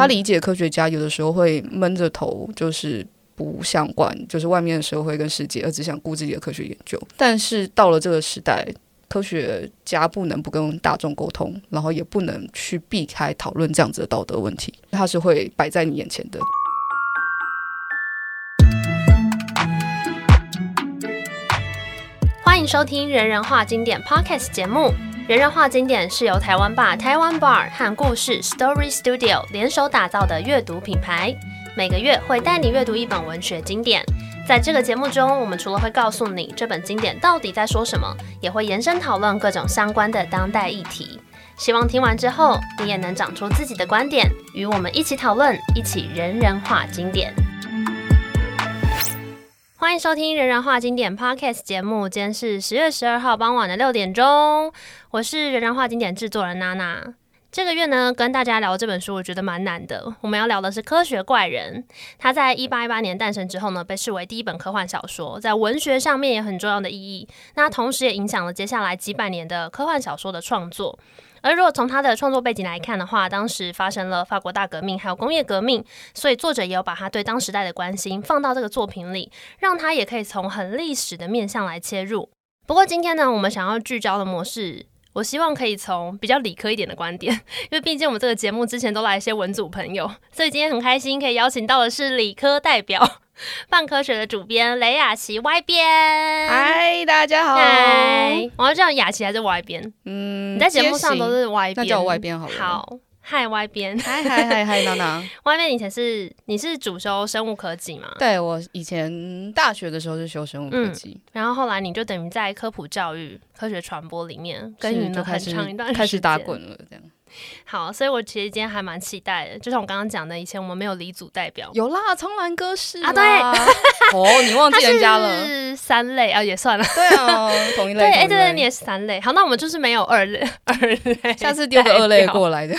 他理解科學家有的時候會悶着頭，就是不想管，就是外面的社會跟世界，而只想顧自己的科學研究。但是到了這個時代，科學家不能不跟大眾溝通，然後也不能去避開討論這樣子的道德問題，他是會擺在你眼前的。歡迎收聽《人人話經典》Podcast 節目。人人話經典是由台灣吧 Taiwan Bar 和故事 Story Studio 聯手打造的閱讀品牌，每個月會帶你閱讀一本文學經典。在這個節目中，我們除了會告訴你這本經典到底在說什麼，也會延伸討論各種相關的當代議題。希望聽完之後，你也能長出自己的觀點，與我們一起討論，一起人人話經典。歡迎收聽《人人話經典》Podcast 節目，今天是十月十二號傍晚的六點鐘，我是《人人話經典》製作人娜娜。這個月呢，跟大家聊這本書，我覺得蠻難的。我們要聊的是《科學怪人》，他在一八一八年誕生之後呢，被視為第一本科幻小說，在文學上面也很重要的意義，那同時也影響了接下來幾百年的科幻小說的創作。而如果從他的創作背景來看的話，當時發生了法國大革命，還有工業革命，所以作者也有把他對當時代的關心放到這個作品裡，讓他也可以從很歷史的面向來切入。不過今天呢，我們想要聚焦的模式，我希望可以從比較理科一點的觀點，因為畢竟我們這個節目之前都來一些文組朋友，所以今天很開心可以邀請到的是理科代表。泛科學的主編雷雅琪 Y 編，嗨大家好，hi, 我要叫雅琪還是 Y 編？嗯，你在節目上都是 Y 編，那叫我 Y 編好了。好，嗨 Y 編，嗨嗨嗨嗨娜娜 Y 編以前是你是主修生物科技嗎？對，我以前大學的時候是修生物科技，嗯，然後後來你就等於在科普教育、科學傳播裡面耕耘了很長一段時間，開始打滾了這樣。好，所以我其實今天還蠻期待的，就像我剛剛講的，以前我們沒有理組代表，有啦，蒼藍鴿是啊，對 哦，你忘記人家了，他是三類啊，也算了，對啊，同一類，對，哎，對、對對，你也是三類，好，那我們就是沒有二類，二類，下次丟個二類過來的。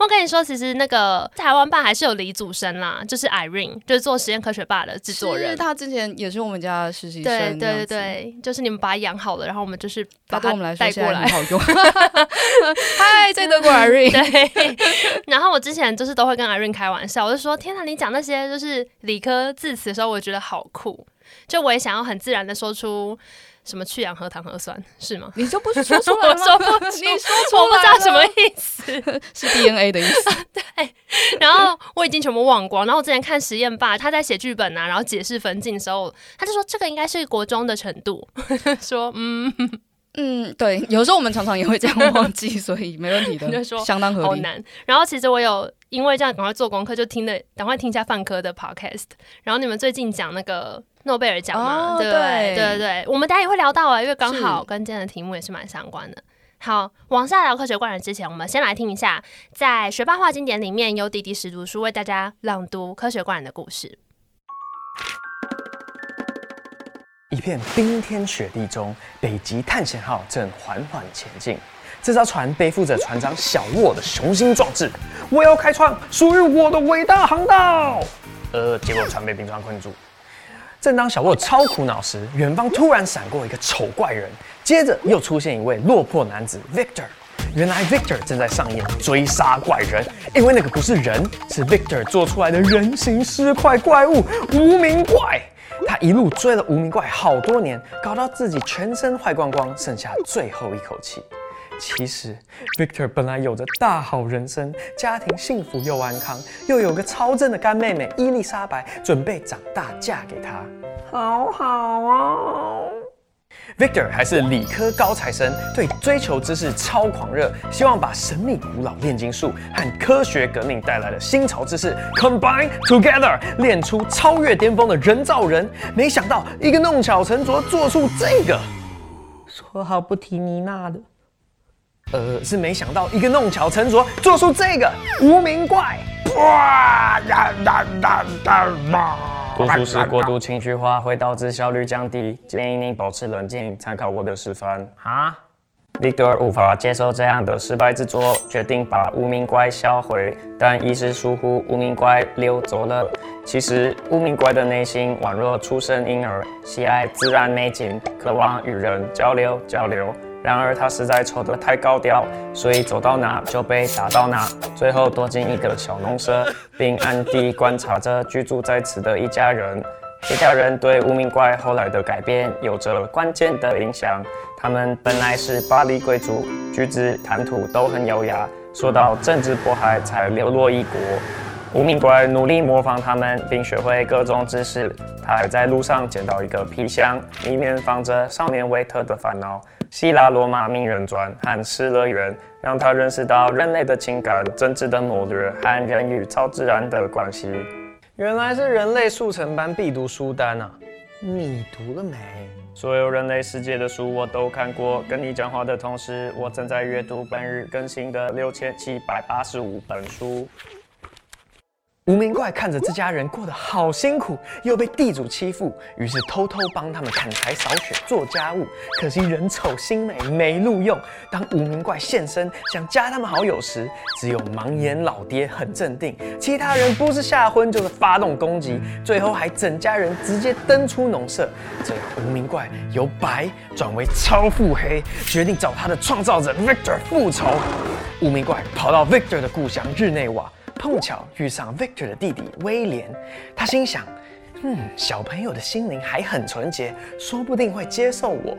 我跟你說，其實那個台灣吧還是有理組生啦，就是 Irene，就是做實驗科學吧的制作人，是他之前也是我們家實習生，對對對，就是你們把他養好了，然後我們就是把他帶過來，來好用。嗨，最德國人。 對，然後我之前就是都會跟阿潤開玩笑，我就說：天吶，你講那些就是理科字詞的時候，我也覺得好酷，就我也想要很自然的說出什麼去氧核糖核酸是嗎？你就不是說出來嗎？ 我說不你說錯不知道什麼意思？ 是 DNA 的意思。 對。然後我已經全部忘光。然後我之前看實驗爸他在寫劇本啊，然後解釋分鏡的時候，他就說這個應該是國中的程度。說 嗯。嗯，對，有時候我們常常也會這樣忘記， 所以沒問題的，你說相當合理。好難。然後其實我有因為這樣趕快做功課，就聽了趕快聽一下泛科的 podcast。然後你們最近講那個諾貝爾獎嘛，哦、對，對對對對，對，對我們等下也會聊到啊，因為剛好跟今天的題目也是蠻相關的。是好，往下聊科學怪人之前，我們先來聽一下，在學霸話經典裡面有迪迪時讀書為大家朗讀科學怪人的故事。一片冰天雪地中，北極探險號正緩緩前進。這艘船背負着船長小沃的雄心壯志，我要開創屬於我的偉大航道。呃，結果船被冰川困住。正當小沃超苦惱時，遠方突然閃過一個醜怪人，接着又出現一位落魄男子 Victor。原來 Victor 正在上演追殺怪人，因為那個不是人，是 Victor 做出來的人形屍塊怪物，無名怪。他一路追了無名怪好多年，搞到自己全身壞光光，剩下最後一口氣。其實，Victor 本來有着大好人生，家庭幸福又安康，又有個超正的乾妹妹伊麗莎白，準備長大嫁給他。好好啊。Victor 還是理科高材生，對追求知識超狂熱，希望把神秘古老煉金術和科學革命帶來的新潮知識 combine together，練出超越巔峰的人造人。沒想到一個弄巧成拙，做出這個，說好不提妮娜的，呃，是沒想到一個弄巧成拙，做出這個無名怪，哇呀，讀書時過度情緒化會導致效率降低，建議你保持冷靜。參考我的示範。哈？Victor 無法接受這樣的失敗之作，決定把無名怪銷毀。但一時疏忽，無名怪溜走了。其實，無名怪的內心宛若出生嬰兒，喜愛自然美景，渴望與人交流交流。然而他實在醜得太高調，所以走到哪就被打到哪，最後躲進一個小農舍，並暗地觀察着居住在此的一家人。這 家人對無名怪後來的改變有着了關鍵的影響。他們本來是巴黎貴族，舉止談吐都很優雅，說到政治迫害才流落異國。無名怪努力模仿他們，並學會各種知識。他還在路上撿到一個皮箱，裡面放着《少年維特的煩惱》、《希臘羅馬名人傳》和《失樂園》，讓他認識到人類的情感、政治的謀略和人與超自然的關係。原來是人類速成班必讀書單啊！你讀了沒？所有人類世界的書我都看過。跟你講話的同時，我正在閱讀本日更新的六千七百八十五本書。無名怪看着這家人過得好辛苦，又被地主欺負，於是偷偷幫他們砍柴、掃雪、做家務。可惜人醜心美，沒路用。當無名怪現身想加他們好友時，只有盲眼老爹很鎮定，其他人不是嚇昏就是發動攻擊，最後還整家人直接登出農舍。這樣無名怪由白轉為超腹黑，決定找他的創造者 Victor 復仇。無名怪跑到 Victor 的故鄉日內瓦。碰巧遇上 Victor 的弟弟威廉，他心想，嗯，小朋友的心靈還很純潔，說不定會接受我。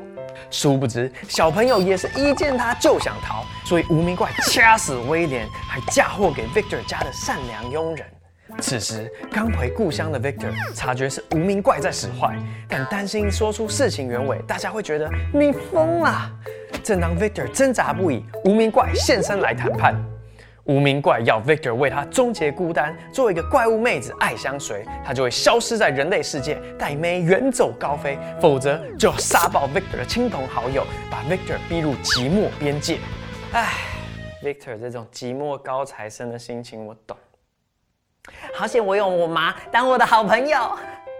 殊不知，小朋友也是一見他就想逃，所以無名怪掐死威廉，還嫁禍給 Victor 家的善良傭人。此時剛回故鄉的 Victor 察覺是無名怪在使壞，但擔心說出事情原委，大家會覺得你瘋啦。正當 Victor 掙扎不已，無名怪現身來談判。無名怪要 Victor 為他終結孤單，做一個怪物妹子愛相隨，他就會消失在人類世界，帶妹遠走高飛；否則就殺爆 Victor 的親朋好友，把 Victor 逼入寂寞邊界。唉，Victor 這種寂寞高材生的心情我懂。好險我有我媽當我的好朋友。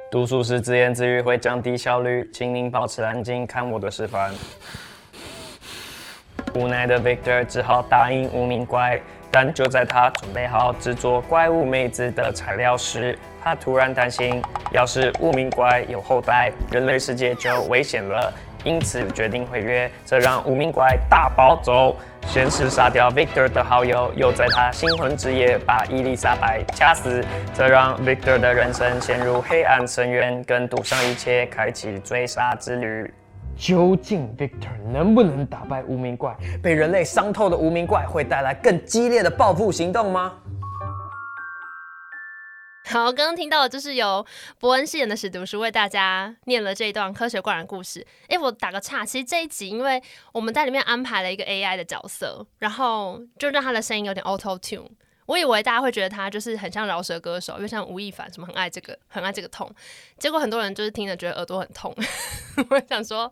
讀書時自言自語會降低效率，請您保持安靜看我的示範。無奈的 Victor 只好答應無名怪。但就在他準備好製作怪物妹子的材料時，他突然擔心，要是無名怪有後代，人類世界就危險了，因此決定毀約。這讓無名怪大暴走，先是殺掉 Victor 的好友，又在他新婚之夜把伊麗莎白掐死，這讓 Victor 的人生陷入黑暗深淵，更賭上一切開啟追殺之旅。究竟 Victor 能不能打敗無名怪？被人類傷透的無名怪會帶來更激烈的報復行動嗎？好，剛剛聽到的就是由伯恩飾演的史櫝樞為大家念了這一段科學怪人故事。哎、欸，我打個岔，其實這一集因為我們在裡面安排了一個 AI 的角色，然後就讓他的聲音有點 Auto Tune。我以為大家會覺得他就是很像饒舌歌手，又像吳亦凡什麼很愛這個，很愛這個痛。結果很多人就是聽了覺得耳朵很痛。 我想說。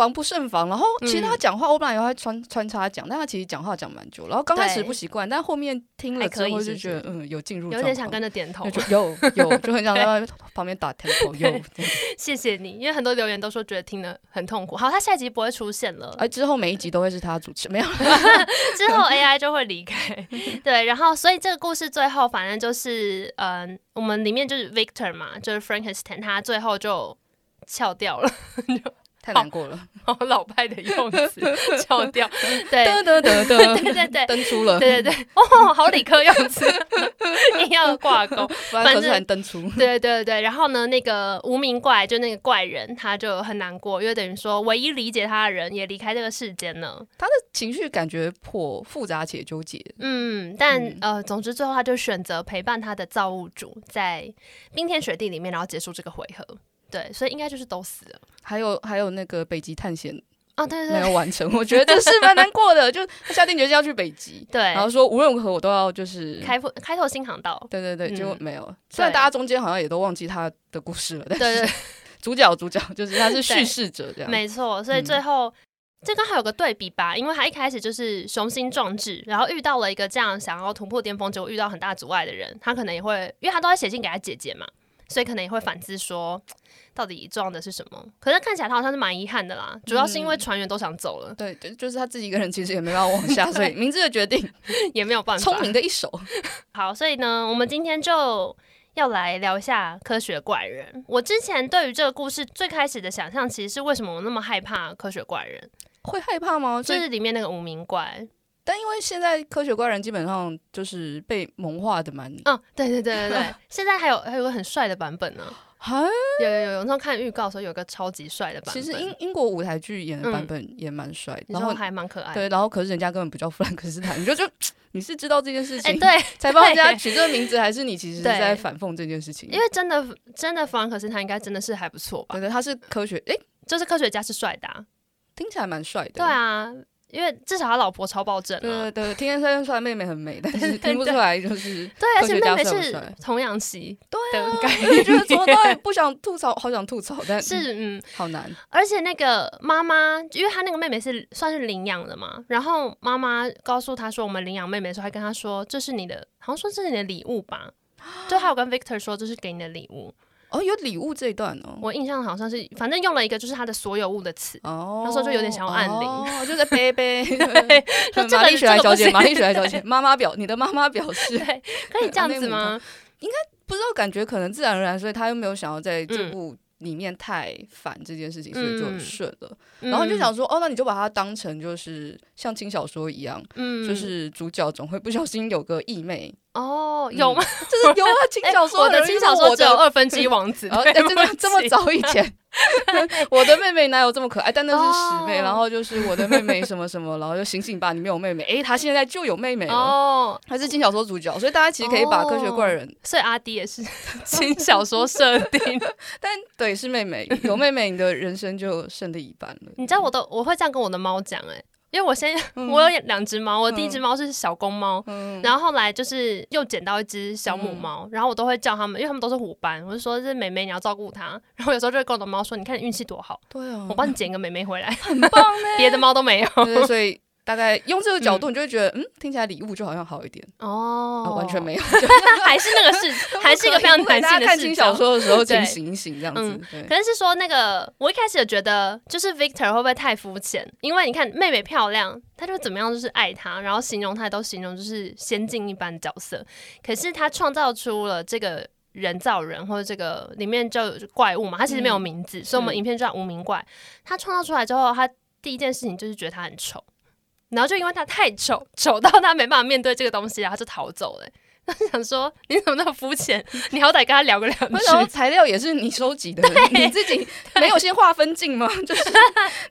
防不勝防，然後其實他講話，嗯、我本來有還穿穿插講，但他其實講話講蠻久，然後剛開始不習慣，對但後面聽了之後就覺得是是嗯有進入，有點想跟着點頭， 有有就很想在邊旁邊打 tempo， 對有謝謝你，因為很多留言都說覺得聽得很痛苦。好，他下一集不會出現了，哎、啊，之後每一集都會是他主持， 沒有了， 之後 AI 就會離開。對，然後所以這個故事最後反正就是嗯、呃，我們裡面就是 Victor 嘛，就是 Frankenstein，他最後就翹掉了。 太難過了，哦哦、好老派的用詞，笑 掉。對，得得得得， 對對對，登出了，對對對，哦，好理科用詞， 你要掛鈎，反正登出，對，對對對，然後呢，那個無名怪，就那個怪人，他就很難過，因為等於說，唯一理解他的人也離開這個世間了，他的情緒感覺頗複雜且糾結，嗯，但嗯呃，總之最後他就選擇陪伴他的造物主，在冰天雪地裡面，然後結束這個回合。對，所以應該就是都死了。還有還有那個北極探險啊，對對，沒有完成。啊、對對對，我覺得這是蠻難過的， 就下定決心要去北極。對，然後說，無論如何我都要就是開拓開拓新航道。對對對，嗯、結果沒有。雖然大家中間好像也都忘記他的故事了，但是對對對，主角主角就是他是敘事者這樣。沒錯，所以最後、嗯、這剛好有個對比吧，因為他一開始就是雄心壯志，然後遇到了一個這樣想要突破巔峰，結果遇到很大阻礙的人，他可能也會，因為他都在寫信給他姐姐嘛。所以可能也會反思說，到底撞的是什麼？可是看起來他好像是蠻遺憾的啦，主要是因為船員都想走了。嗯、對，對，就是他自己一個人其實也沒辦法往下， 所以明智的決定也沒有辦法，聰明的一手。好，所以呢，我們今天就要來聊一下科學怪人。我之前對於這個故事最開始的想象，其實是為什麼我那麼害怕科學怪人？會害怕嗎？就是裡面那個無名怪。但因為現在科學怪人基本上就是被萌化的蠻，嗯，對對對對對。現在還有還有個很帥的版本呢，有有有。我那時看預告的時候，有個超級帥的版本。其實英英國舞台劇演的版本也蠻帥，然後還蠻可愛。對，然後可是人家根本不叫弗蘭克斯坦，你就就你是知道這件事情，對，才幫人家取這個名字，還是你其實是在反諷這件事情？因為真的真的弗蘭克斯坦應該真的是還不錯吧？對，他是科學，哎，就是科學家是帥的，聽起來蠻帥的。對啊。因為至少他老婆超暴政啊！對，對對，聽得出來妹妹很美，但是聽不出來就是 對，而且妹妹是童養媳的對、啊、 就是說對，不想吐槽，好想吐槽，但是嗯，是嗯好難。而且那個媽媽，因為他那個妹妹是算是領養的嘛，然後媽媽告訴他說，我們領養妹妹的時候還跟他說，這是你的，好像說這是你的禮物吧，就還有跟 Victor 說，這是給你的禮物。哦，有禮物這一段哦，我印象好像是，反正用了一個就是他的所有物的詞，那時候就有點想要暗戀，就是 baby，瑪麗雪萊小姐，瑪麗雪萊小姐，媽媽表，你的媽媽表示可以這樣子嗎？應該不知道，感覺可能自然而然，所以他又沒有想要在這部裡面太煩這件事情，所以就順了。然後你就想說，哦，那你就把它當成就是像輕小說一樣，就是主角總會不小心有個義妹。哦，oh, 嗯、有嗎？ 就是有啊，輕小說的、欸，我的輕小說只有二分之一王子、 欸，真的這麼早以前？ 我的妹妹哪有這麼可愛？但那是師妹，oh. 然後就是我的妹妹什麼什麼，然後就醒醒吧，你沒有妹妹，哎、欸，她現在就有妹妹了，她、oh. 是輕小說主角，所以大家其實可以把科學怪人，所以阿迪也是輕小說設定， 但對，是妹妹，有妹妹，你的人生就勝利一半了。 你知道我的，我會這樣跟我的貓講、欸，誒。因為我先，嗯、我有兩隻貓，我第一隻貓是小公貓，嗯嗯、然後後來就是又撿到一隻小母貓，嗯、然後我都會叫他們，因為他們都是虎斑，我就說，這是美美，你要照顧它然後有時候就會跟我的貓說，你看你運氣多好，對哦，我幫你撿一個美美回來，很棒嘞，別的貓都沒有，對對所以。大概用這個角度，你就會覺得，嗯，嗯，聽起來禮物就好像好一點哦，哦，完全沒有，那 還是那個是，還是一個非常男性的。大看清小說的時候，進行一這樣子，嗯、對可是是說那個我一開始覺得就是 Victor 會不會太膚淺？因為你看妹妹漂亮，她就怎麼樣，就是愛她，然後形容她也都形容就是仙境一般的角色。可是她創造出了這個人造人，或者這個裡面就有怪物嘛，她其實沒有名字，嗯、所以我們影片叫無名怪。她創造出來之後，她第一件事情就是覺得她很醜。然後就因為他太醜，醜到他沒辦法面對這個東西，然後就逃走了、欸。他 就想說：“你怎麼那麼膚淺？你好歹跟他聊個兩句。”材料也是你收集的，對你自己沒有先畫分鏡嗎？對就是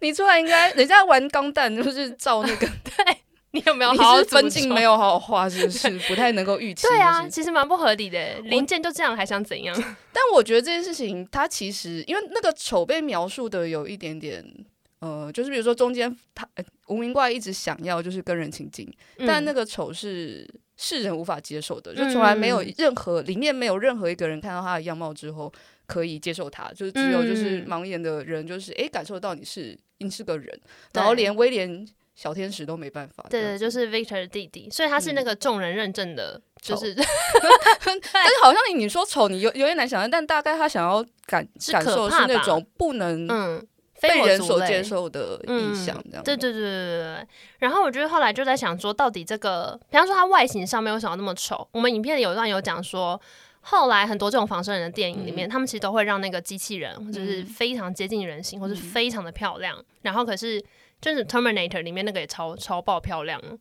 你出來應該人家玩鋼彈就是照那個，對你有沒有好好分鏡？沒有好好畫，就是對不太能夠預期、就是。對啊，其實蠻不合理的、欸、我零件就這樣，還想怎樣？但我覺得這件事情，他其實因為那個醜被描述的有一點點，呃，就是比如說中，中間他無名怪一直想要就是跟人親近，嗯、但那個醜是世人無法接受的，嗯、就從來沒有任何裡面沒有任何一個人看到他的樣貌之後可以接受他，就是只有就是盲眼的人，就是哎、嗯欸、感受到你是你是個人，對然後連威廉小天使都沒辦法。對，對對，就是 Victor 的弟弟，所以他是那個眾人認證的，嗯、就是但是好像你說醜，你有有點難想象，但大概他想要感感受的是那種不能嗯。被人所接受的印象，這樣對對、嗯、對對對對。然後我覺得後來就在想說，到底這個，比方說它外形上沒有什麼那麼醜？我們影片裡有一段有講說，後來很多這種仿生人的電影裡面，嗯、他們其實都會讓那個機器人，或、就、者是非常接近人形，嗯、哼或是非常的漂亮。嗯、哼然後可是就是 Terminator 裡面那個也超、嗯、哼超爆漂亮了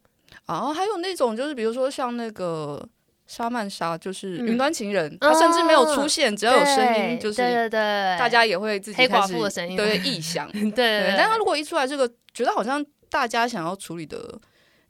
啊、哦！還有那種就是比如說像那個。莎曼莎就是雲端情人，嗯、她甚至沒有出現，哦、只要有聲音對就是大家也會自己開始黑寡婦的聲音嘛。對，但他如果一出來，這個覺得好像大家想要處理的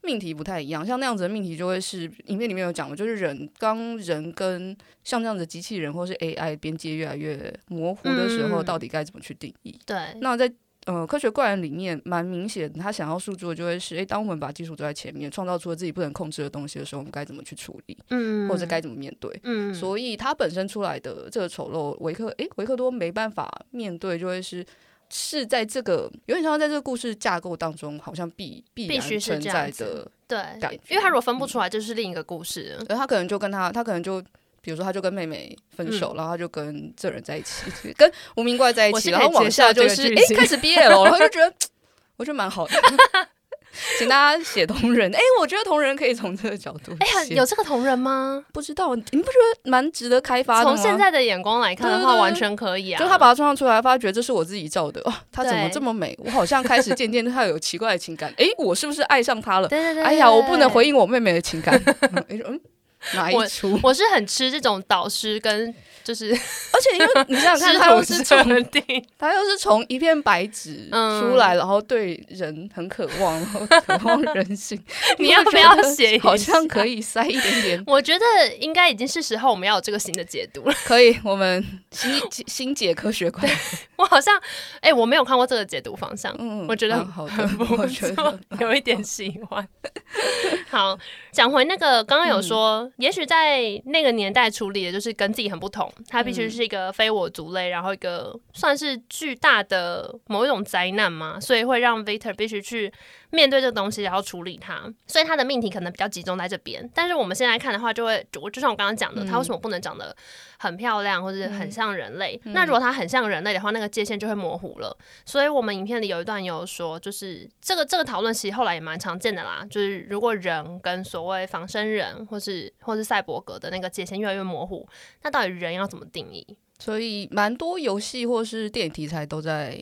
命題不太一樣，像那樣子的命題就會是影片裡面有講的，就是人剛人跟像這樣子的機器人或是 AI 邊界越來越模糊的時候，嗯、到底該怎麼去定義？對，那在。呃，科學怪人裡面蠻明顯，他想要訴諸的就會是：哎、欸，當我們把技術走在前面，創造出了自己不能控制的東西的時候，我們該怎麼去處理？嗯，或者該怎麼面對？嗯，所以他本身出來的這個醜陋維克，哎、欸，維克多沒辦法面對，就會是是在這個有點像在這個故事架構當中，好像必必然存在的感覺，對，感覺，因為他如果分不出來，就是另一個故事，嗯、他可能就跟他，他可能就。有時候他就跟妹妹分手，然後他就跟這人在一起，跟無名怪在一起，然後往下就是哎開始 BL 了，然後就覺得我覺得蠻好的。請大家寫同人哎，我覺得同人可以從這個角度哎，有這個同人嗎？不知道，你們不覺得蠻值得開發的嗎？從現在的眼光來看的話，完全可以啊。就他把他創造出來，發覺這是我自己造的，他怎麼這麼美？我好像開始漸漸對他有奇怪的情感，哎，我是不是愛上他了？對對對。哎呀，我不能回應我妹妹的情感。嗯？哪一齣？我是很吃這種導師跟，就是，而且因為你想想看，他又是從他又是從一片白紙出來，然後對人很渴望，然後渴望人性，你要不要寫？好像可以塞一點點。我覺得應該已經是時候，我們要有這個新的解讀了。可以，我們新新解科學怪。我好像哎，我沒有看過這個解讀方向。嗯，我覺得好的，我覺得有一點喜歡。好，講回那個剛剛有說。也許在那個年代處理的就是跟自己很不同，他必須是一個非我族類，然後一個算是巨大的某一種災難嘛，所以會讓 Victor 必須去。面對這個東西，然後處理它，所以它的命題可能比較集中在這邊。但是我們現在看的話，就會我就像我剛剛講的，嗯、它為什麼不能長得很漂亮，或者很像人類？嗯、那如果它很像人類的話，那個界限就會模糊了。所以，我們影片裡有一段有說，就是這個這個討論其實後來也蠻常見的啦。就是如果人跟所謂仿生人，或是或是賽博格的那個界限越來越模糊，那到底人要怎麼定義？所以，蠻多遊戲或是電影題材都在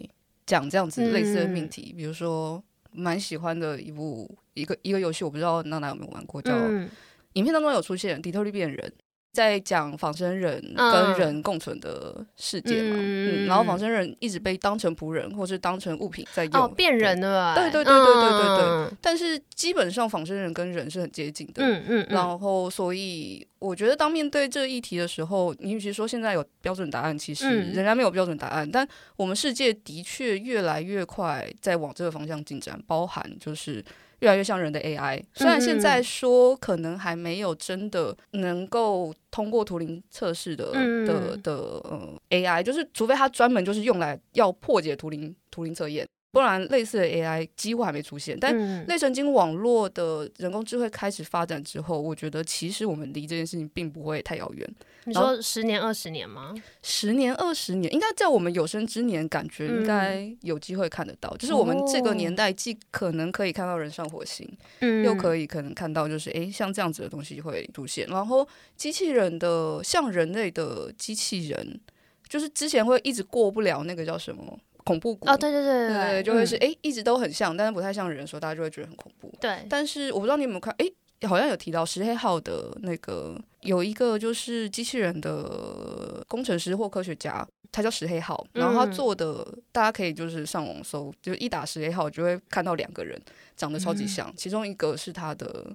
講這樣子類似的命題，嗯、比如說。蠻喜歡的一部一個一個遊戲，我不知道娜娜有沒有玩過，叫、嗯、影片當中有出現《底特律變人》。在講仿生人跟人共存的世界嘛、嗯，然後仿生人一直被當成僕人或是當成物品在用，變人的吧。對對對對對對對,對。但是基本上仿生人跟人是很接近的。嗯嗯。然後，所以我覺得當面對這個議題的時候，你與其說現在有標準答案，其實仍然沒有標準答案。但我們世界的確越來越快在往這個方向進展，包含就是。越來越像人的 AI，雖然現在說可能還沒有真的能夠通過圖靈測試的的的 AI，嗯嗯，就是除非它專門就是用來要破解圖靈圖靈測驗。不然，類似的 AI 幾乎還沒出現。但類神經網絡的人工智慧開始發展之後，嗯、我覺得其實我們離這件事情並不會太遙遠。你說十年、二十年嗎？十年、二十年，應該在我們有生之年，感覺應該有機會看得到。嗯、就是我們這個年代，既可能可以看到人上火星，哦、又可以可能看到就是哎、欸，像這樣子的東西會出現。然後，機器人的像人類的機器人，就是之前會一直過不了那個叫什麼？恐怖谷啊，哦，對對對對對，對對對就會是、嗯、誒，一直都很像，但是不太像人的時候，大家就會覺得很恐怖。對，但是我不知道你有沒有看，誒，好像有提到石黑浩的那個，有一個就是機器人的工程師或科學家，他叫石黑浩，然後他做的，嗯、大家可以就是上網搜，就一打石黑浩就會看到兩個人長得超級像，嗯、其中一個是他的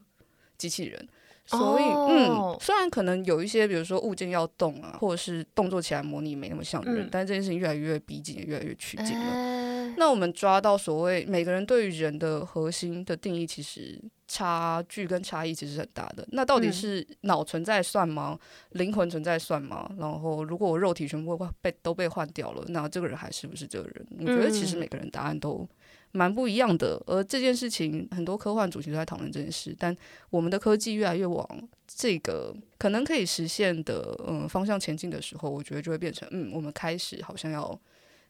機器人。所以，嗯，oh. 雖然可能有一些，比如說物件要動啊，或者是動作起來模擬沒那麼像人，嗯、但這件事情越來越逼近，越來越趨近了。欸、那我們抓到所謂每個人對於人的核心的定義，其實差距跟差異其實很大的。那到底是腦存在算嗎？靈、嗯、魂存在算嗎？然後如果我肉體全部被都被換掉了，那這個人還是不是這個人？我、嗯、覺得其實每個人答案都。蠻不一樣的，而這件事情很多科幻主題都在討論這件事。但我們的科技越來越往這個可能可以實現的嗯方向前進的時候，我覺得就會變成嗯，我們開始好像要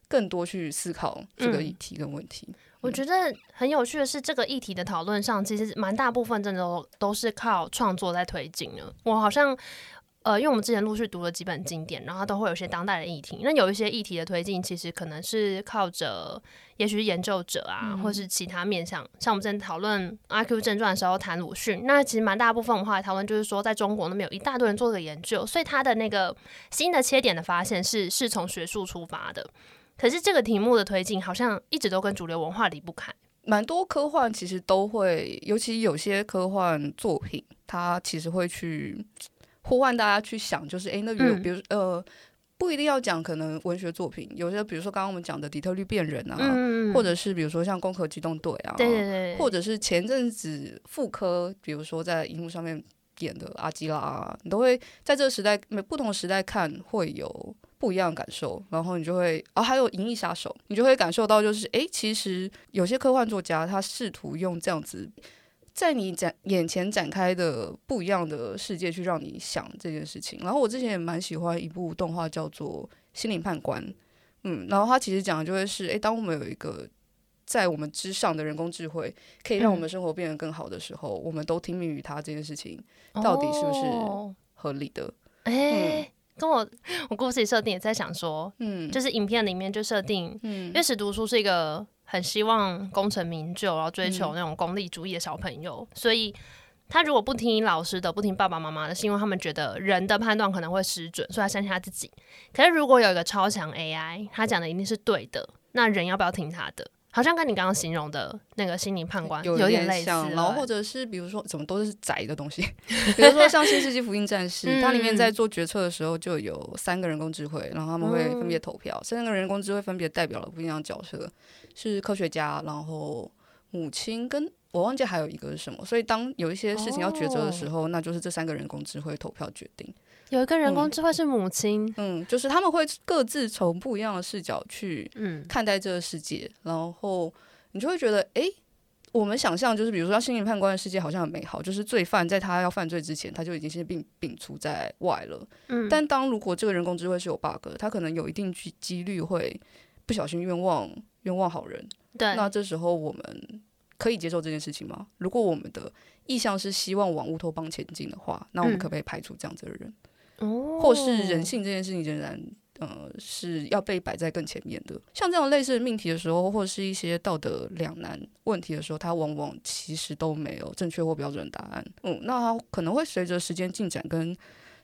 更多去思考這個議題跟問題。嗯。嗯。我覺得很有趣的是，這個議題的討論上其實蠻大部分真的都，都是靠創作在推進的。我好像。呃，因為我們之前陸續讀了幾本經典，然後都會有一些當代的議題。那有一些議題的推進，其實可能是靠着，也許是研究者啊，嗯、哼或是其他面向。像我們之前在討論《阿 Q 正傳》的時候，談魯迅，那其實蠻大部分的話，討論就是說，在中國那邊有一大堆人做的研究，所以他的那個新的切點的發現是是從學術出發的。可是這個題目的推進，好像一直都跟主流文化離不開。蠻多科幻其實都會，尤其有些科幻作品，它其實會去。呼喚大家去想，就是哎，那比如比如、嗯、呃，不一定要講可能文學作品，有些比如說剛剛我們講的《底特律變人》啊，嗯、或者是比如說像《攻殼機動隊》啊，對對對，或者是前陣子復刻，比如說在熒幕上面演的《阿基拉》啊，你都會在這個時代每不同時代看會有不一樣的感受，然後你就會啊，還有《銀翼殺手》，你就會感受到就是哎，其實有些科幻作家他試圖用這樣子。在你展眼前展開的不一樣的世界，去讓你想這件事情。然後我之前也蠻喜歡一部動畫叫做《心靈判官》，嗯，然後它其實講的就會是，哎、欸，當我們有一個在我們之上的人工智慧，可以讓我們生活變得更好的時候，嗯、我們都聽命於他，這件事情到底是不是合理的？哎、哦嗯欸，跟我我故事裡設定也在想說，嗯，就是影片裡面就設定，嗯，認識讀書是一個。很希望功成名就，然後追求那種功利主義的小朋友，嗯，所以他如果不聽老師的，不聽爸爸媽媽的，是因為他們覺得人的判斷可能會失準，所以他相信他自己。可是如果有一個超強 AI，他講的一定是對的，那人要不要聽他的？好像跟你剛剛形容的那個心靈判官有,有點類似，然後或者是比如說，怎麼都是宅的東西。 比如說像《新世紀福音戰士》， 它裡面在做決策的時候就有三個人工智慧，然後他們會分別投票。嗯、三個人工智慧分別代表了不一樣的角色：是科學家，然後母親，跟我忘記還有一個是什麼。所以當有一些事情要抉擇的時候，哦、那就是這三個人工智慧投票決定。有一個人工智慧，是母親、嗯，嗯，就是他們會各自從不一樣的視角去看待這個世界，嗯、然後你就會覺得，哎、欸，我們想象就是比如說，他心靈判官的世界好像很美好，就是罪犯在他要犯罪之前，他就已經先被摒除在外了。嗯、但當如果這個人工智慧是有 bug，他可能有一定幾率會不小心冤枉冤枉好人。對，那這時候我們可以接受這件事情嗎？如果我們的意向是希望往烏托邦前進的話，那我們可不可以排除這樣子的人？嗯或是人性這件事情仍然呃是要被擺在更前面的，像這種類似的命題的時候，或者是一些道德兩難問題的時候，它往往其實都沒有正確或標準答案。嗯，那它可能會隨着時間進展跟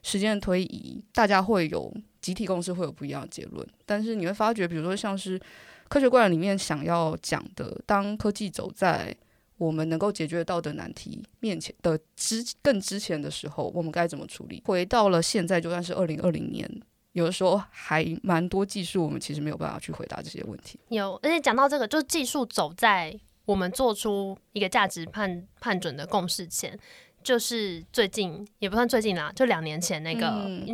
時間的推移，大家會有集體共識，會有不一樣的結論。但是你會發覺，比如說像是《科學怪人》裡面想要講的，當科技走在我們能夠解決到的難題面前的之更之前的時候，我們該怎麼處理？回到了現在，就算是二零二零年，有的時候還蠻多技術，我們其實沒有辦法去回答這些問題。有，而且講到這個，就是技術走在我們做出一個價值判判準的共識前。就是最近也不算最近啦，就兩年前那個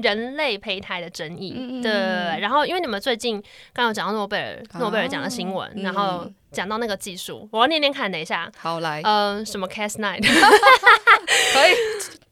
人類胚胎的爭議，對對、嗯、對。嗯、然後因為你們最近剛,剛有講到諾貝爾諾貝爾獎的新聞，啊、然後講到那個技術，嗯、我要念念看，等一下，好來，嗯、呃，什麼 Cas9，n i 可以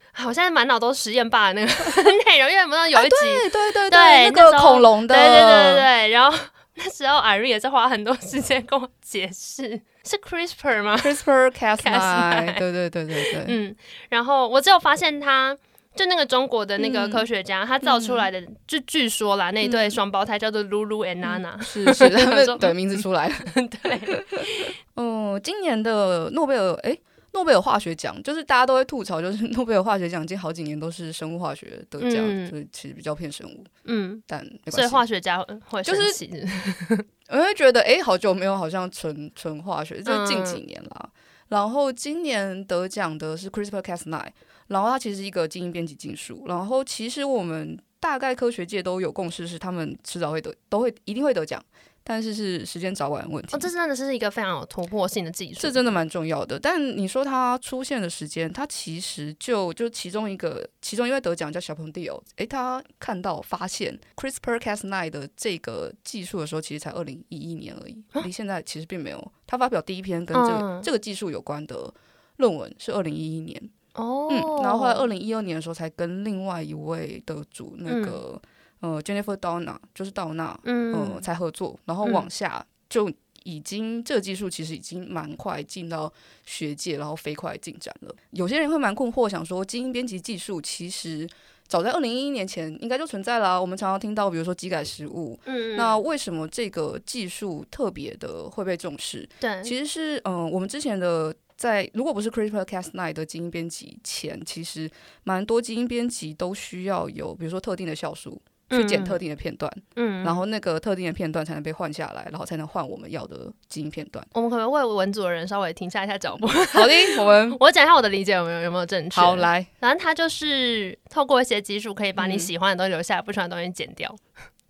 我現在滿腦都是實驗霸的那個內 容，因為我不知道有一集、啊、對對對對,對那個恐龍的，對對對,對,對,對，然後。那時候，艾瑞也在花很多時間跟我解釋，是 CRISPR h e 嗎？CRISPR h e Cas9，對對對對對，嗯。然後我只有發現他，他就那個中國的那個科學家，嗯、他造出來的，嗯、就據說啦，那一對雙胞胎叫做 Lulu and Nana，是、嗯、是，是是 他的名字出來了。 對， 哦，今年的諾貝爾，哎。諾貝爾化學獎就是大家都會吐槽，就是諾貝爾化學獎近好幾年都是生物化學得獎，嗯、就是其實比較偏生物。嗯，但所以化學家會就是，是，是我會覺得，哎、欸，好久沒有好像純純化學，就是、近幾年啦。嗯、然後今年得獎的是 CRISPR-Cas9，然後它其實是一個基因編輯技術。然後其實我們大概科學界都有共識，是他們遲早會得，都會一定會得獎。但是是時間早晚問題。哦，這真的是一個非常有突破性的技術。這真的蠻重要的。但你說它出現的時間，它其實就就其中一個，其中一位得獎叫小鵬地友、哦，誒，他看到發現 CRISPR-Cas9 的這個技術的時候，其實才二零一一年而已，啊、離現在其實並沒有。他發表第一篇跟這個、嗯、這個技術有關的論文是二零一一年。哦，嗯，然後後來二零一二年的時候才跟另外一位得主那個。嗯呃，Jennifer Doudna 就是道納，嗯、呃，才合作，然後往下、嗯、就已經這個技術其實已經蠻快進到學界，然後飛快進展了。有些人會蠻困惑，想說基因編輯技術其實早在二零一一年前應該就存在了，啊。我們常常聽到，比如說基改食物，嗯，那為什麼這個技術特別的會被重視？對，其實是嗯、呃，我們之前的在如果不是 CRISPR-Cas9 的基因編輯前，其實蠻多基因編輯都需要有，比如說特定的酵素。去剪特定的片段，嗯，然後那個特定的片段才能被換下來，然後才能換我們要的基因片段。我們可能為文組的人稍微停下一下腳步。好的，我們我講一下我的理解，有沒有有沒有正確？好來，反正它就是透過一些技術，可以把你喜歡的東西留下來，嗯、不喜歡的東西剪掉。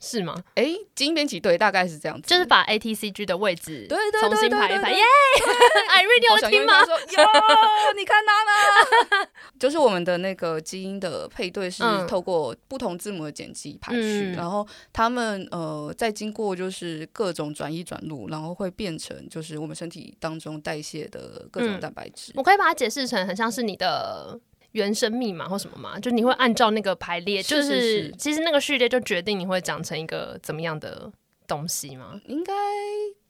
是嗎？哎、欸，基因編輯，對，大概是這樣子的，就是把 A T C G 的位置重新排一排，耶！Irene a 有想聽嗎？有， Yo! 你看他了 就是我們的那個基因的配對是透過不同字母的鹼基排序，嗯、然後它們呃在經過就是各種轉譯轉錄，然後會變成就是我們身體當中代謝的各種蛋白質。嗯、我可以把它解釋成很像是你的。原生密碼或什麼嘛，就你會按照那個排列，就是，是，是，是其實那個序列就決定你會長成一個怎麼樣的東西嘛？應該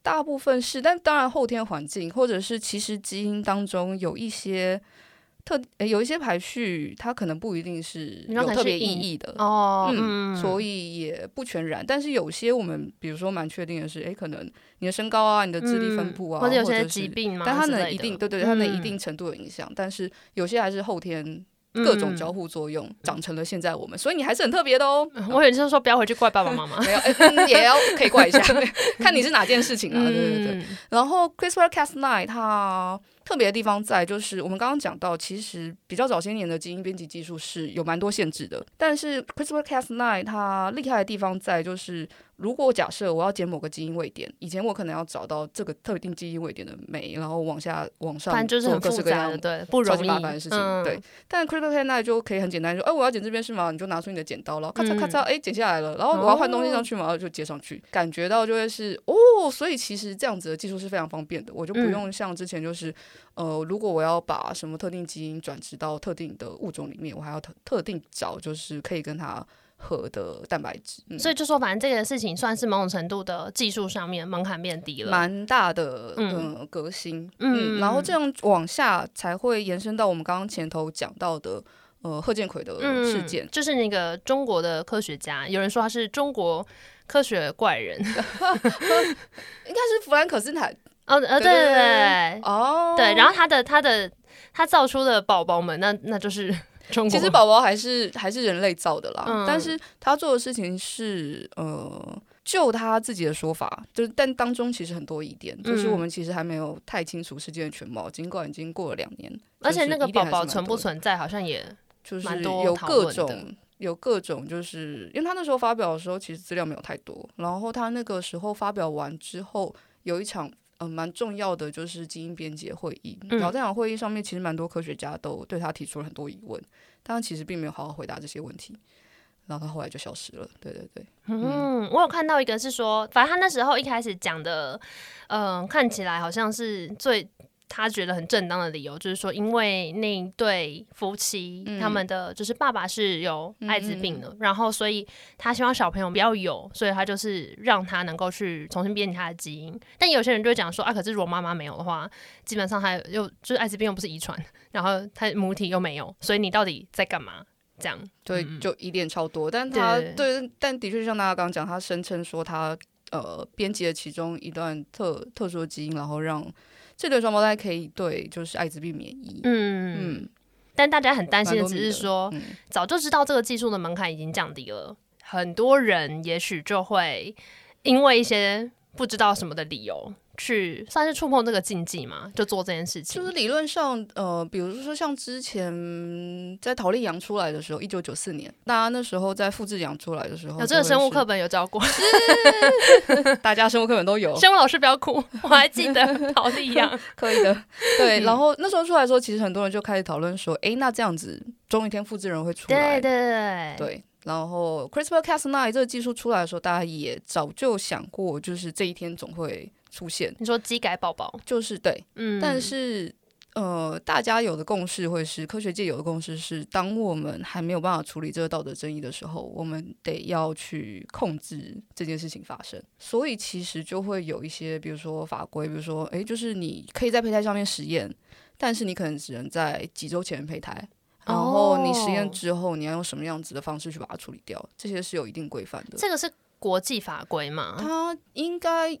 大部分是，但當然後天環境或者是其實基因當中有一些。特有一些排序，它可能不一定是有特別意義的嗯，所以也不全然。但是有些我們，比如說蠻確定的是，誒，可能你的身高啊，你的智力分布啊，或者有些疾病但它能一定對對對，它能一定程度有影響。但是有些還是後天各種交互作用長成了現在我們，所以你還是很特別的哦。我也就是說，不要回去怪爸爸媽媽，也要可以怪一下，看你是哪件事情啊，對對對。然後 CRISPR-Cas9 他。特別的地方在就是，我們剛剛講到，其實比較早些年的基因編輯技術是有蠻多限制的，但是 CRISPR-Cas9 它厲害的地方在就是。如果我假設我要剪某個基因位點，以前我可能要找到這個特定基因位點的酶，然後往下往上做各式各樣，就是很複雜的，對，亂七八糟的事情，嗯、對。但 CRISPR-Cas9 就可以很簡單，說，哎、欸，我要剪這邊是嗎？你就拿出你的剪刀了，然後咔嚓咔嚓，哎、欸，剪下來了。然後我要換東西上去嘛，然後就接上去，嗯、感覺到就會是哦。所以其實這樣子的技術是非常方便的，我就不用像之前就是，嗯、呃，如果我要把什麼特定基因轉植到特定的物種裡面，我還要特特定找就是可以跟它。合的蛋白質，嗯、所以就說，反正這個事情算是某種程度的技術上面門檻變低了，蠻大的嗯、呃、革新，嗯，嗯嗯然後這樣往下才會延伸到我們剛剛前頭講到的呃賀建奎的事件、嗯，就是那個中國的科學家，有人說他是中國科學怪人， 應該是弗蘭克斯坦，哦哦、呃、對對對，哦對，然後他的他的他造出的寶寶們，那那就是。其實寶寶還是還是人類造的啦，嗯、但是他做的事情是呃，就他自己的說法，就是但當中其實很多疑點，嗯、就是我們其實還沒有太清楚事件的全貌。儘管已經過了兩年，而且那個寶寶存不存在，好像也蠻多的，就是有各種有各種，就是因為他那時候發表的時候，其實資料沒有太多。然後他那個時候發表完之後，有一場。嗯，蠻、呃、重要的就是基因編輯會議，然後這場會議上面，其實蠻多科學家都對他提出了很多疑問，但他其實並沒有好好回答這些問題，然後他後來就消失了。對對對，嗯，嗯，我有看到一個是說，反正他那時候一開始講的，嗯、呃，看起來好像是最。他覺得很正當的理由就是說，因為那一對夫妻他們的就是爸爸是有艾滋病的，然後所以他希望小朋友不要有，所以他就是讓他能夠去重新編輯他的基因。但有些人就會講說啊，可是如果媽媽沒有的話，基本上還又就就是艾滋病又不是遺傳，然後他母體又沒有，所以你到底在幹嘛？這樣對，就疑點超多。但他對，但的確像大家剛剛講，他聲稱說他呃編輯了其中一段特特殊的基因，然後讓。這對雙胞胎可以對就是艾滋病免疫，嗯，但大家很擔心的只是說，嗯、早就知道這個技術的門檻已經降低了，很多人也許就會因為一些不知道什麼的理由。去算是觸碰這個禁忌嘛？就做這件事情，就是理論上，呃，比如說像之前在桃莉羊出來的時候，一九九四年，大家那時候在複制羊出來的時候，那那時候時候有這個生物課本有教過， 大家生物課本都有， 生物老師不要哭，我還記得桃莉羊可以的。對，然後那時候出來的時候，其實很多人就開始討論說，哎、欸，那這樣子終有一天複制人會出來，對,對對對。對，然後 CRISPR-Cas9 這個技術出來的時候，大家也早就想過，就是這一天總會。出現你說暴暴，“基改寶寶”，就是對，嗯，但是呃，大家有的共識會是，科學界有的共識是，當我們還沒有辦法處理這個道德爭議的時候，我們得要去控制這件事情發生。所以其實就會有一些，比如說法規，比如說，哎、欸，就是你可以在胚胎上面實驗，但是你可能只能在幾周前胚胎，然後你實驗之後，你要用什麼樣子的方式去把它處理掉，哦、這些是有一定規範的。這個是國際法規嗎？它應該。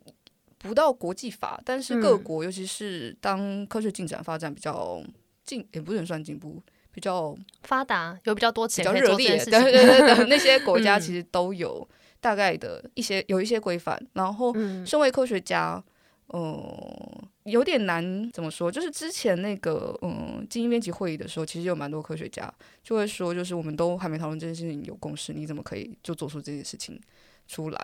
不到國際法，但是各國，嗯、尤其是當科學進展發展比較進，也、欸、不能算進步，比較發達，有比較多錢，比較熱烈，對對對對， 那些國家其實都有大概的一些有一些規範。然後，身為科學家，嗯、呃，有點難怎麼說？就是之前那個嗯、呃，基因編輯會議的時候，其實有蠻多科學家就會說，就是我們都還沒討論這件事情有共識，你怎麼可以就做出這件事情出來？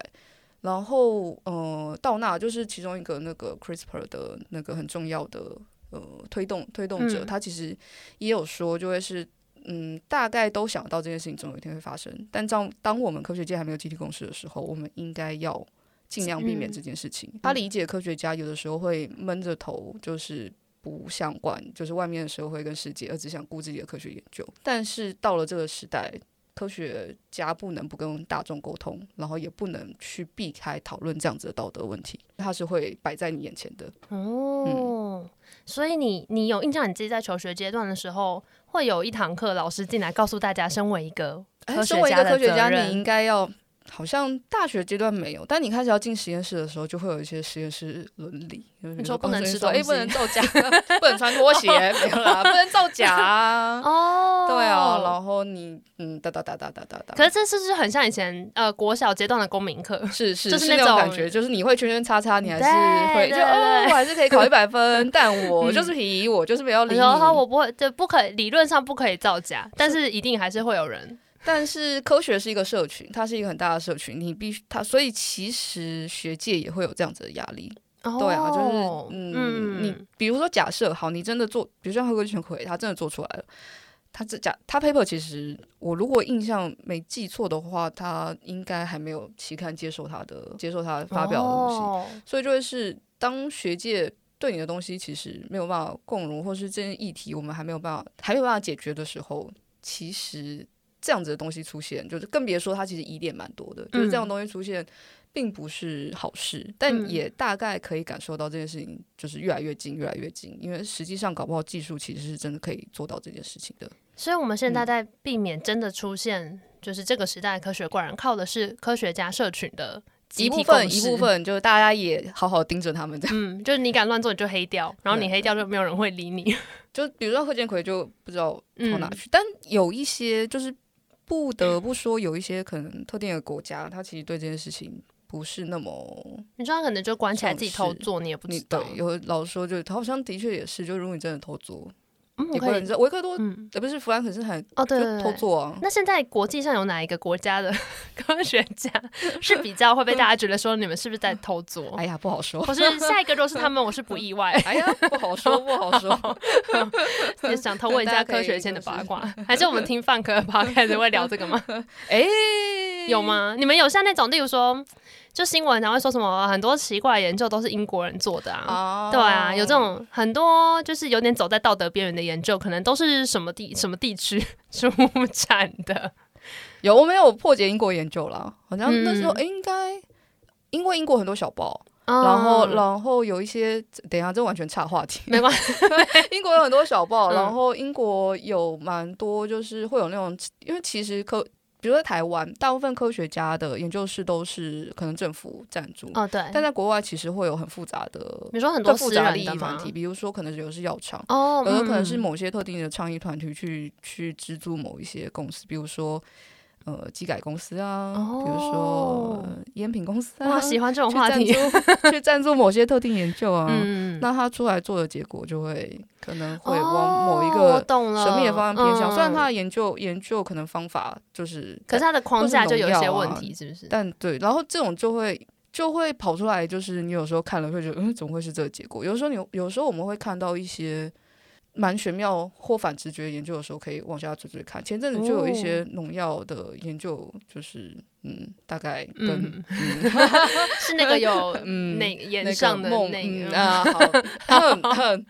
然後，呃，道納就是其中一個那個 CRISPR 的那個很重要的呃推動推動者，嗯、他其實也有說，就會是，嗯，大概都想到這件事情總有一天會發生，嗯、但當當我們科學界還沒有集體共識的時候，我們應該要盡量避免這件事情。嗯、他理解科學家有的時候會悶着頭，就是不想管，就是外面的社會跟世界，而只想顧自己的科學研究。但是到了這個時代。科學家不能不跟大眾溝通，然後也不能去避開討論這樣子的道德問題，它是會擺在你眼前的。哦，嗯、所以你你有印象，你自己在求學階段的時候，會有一堂課，老師進來告訴大家，身為一個、欸，身為一個科學家，你應該要。好像大學階段沒有，但你開始要進實驗室的時候，就會有一些實驗室倫理。你說不能吃東西，不能造假，不能穿拖鞋，不能造假。哦，對啊，然後你嗯噠噠噠噠噠噠噠。可是這是不是很像以前呃國小階段的公民課？是是，就是那種感覺，就是你會圈圈叉叉，你還是會就我還是可以考一百分，但我就是皮，我就是不要理你。我不會，就不可理論上不可以造假，但是一定還是會有人。 但是科學是一個社群，它是一個很大的社群，你必須它，所以其實學界也會有這樣子的壓力。Oh, 對啊，就是嗯，嗯你比如說假設好，你真的做，比如像賀建奎，他真的做出來了，他這假他 paper 其實我如果印象沒記錯的話，他應該還沒有期刊接受他的，接受他發表的東西。Oh. 所以就會是，當學界對你的東西其實沒有辦法共融，或是這些議題我們還沒有辦法，還沒有辦法解決的時候，其實。這樣子的東西出現，就是更別說它其實疑點蠻多的。就是這種東西出現，並不是好事，嗯、但也大概可以感受到這件事情就是越來越近，越來越近。因為實際上，搞不好技術其實是真的可以做到這件事情的。所以我們現在在在避免真的出現，就是這個時代科學怪人靠的是科學家社群的一部分一部分，就是大家也好好盯着他們。這樣，就是你敢亂做，你就黑掉；然後你黑掉，就沒有人會理你。對對對，就比如說賀建奎就不知道跑哪去，嗯、但有一些就是。不得不說，有一些可能特定的國家，他其實對這件事情不是那麼……你知道，可能就關起來自己偷做，你也不知道。對，有老實說就，他好像的確也是，就如果你真的偷做。嗯、也可能知道維克多，嗯、不是弗蘭肯斯坦哦，對，對，對，對偷做，啊。那現在國際上有哪一個國家的科學家是比較會被大家覺得說，你們是不是在偷做？ 哎呀，不好說。可是下一個若是他們，我是不意外。 哎呀，不好說，不 好說。好好好好，想偷問一下科學界的八卦，是還是我們聽泛科的 Podcast 會聊這個嗎？ 哎，有嗎？你們有像那種，例如說。就新聞還會說什麼很多奇怪的研究都是英國人，做的啊，oh. 對啊，有這種很多就是有點走在道德邊緣的研究，可能都是什麼地什麼地區出產的。有我沒有破解英國研究了，好像那時候、嗯欸、應該因為英國很多小報，oh. 然後然後有一些等一下這完全岔話題，沒關係。 對英國有很多小報，嗯、然後英國有蠻多就是會有那種，因為其實可。比如說台灣，大部分科學家的研究室都是可能政府贊助、哦、但在國外其實會有很複雜的，比如說很多私人的利益團體，比如說可能有的是藥廠，哦，有的可能是某些特定的倡議團體去、嗯、去資助某一些公司，比如說。呃，基改公司啊，哦、比如說煙品公司啊，我喜歡這種話題，去贊助， 去贊助某些特定研究啊，嗯、那他出來做的結果就會可能會往某一個神秘的方向偏向，哦、雖然他的研究、嗯、研究可能方法就是，可是他的框架、啊、就有一些問題，是不是？但對，然後這種就會就會跑出來，就是你有時候看了會覺得，嗯，怎麼會是這個結果？有時候你有時候我們會看到一些。蠻玄妙哦，或反直覺研究的時候，可以往下追追看。前陣子就有一些農藥的研究，哦，就是。嗯，大概嗯，是那個有嗯那個演上的那個啊，他很很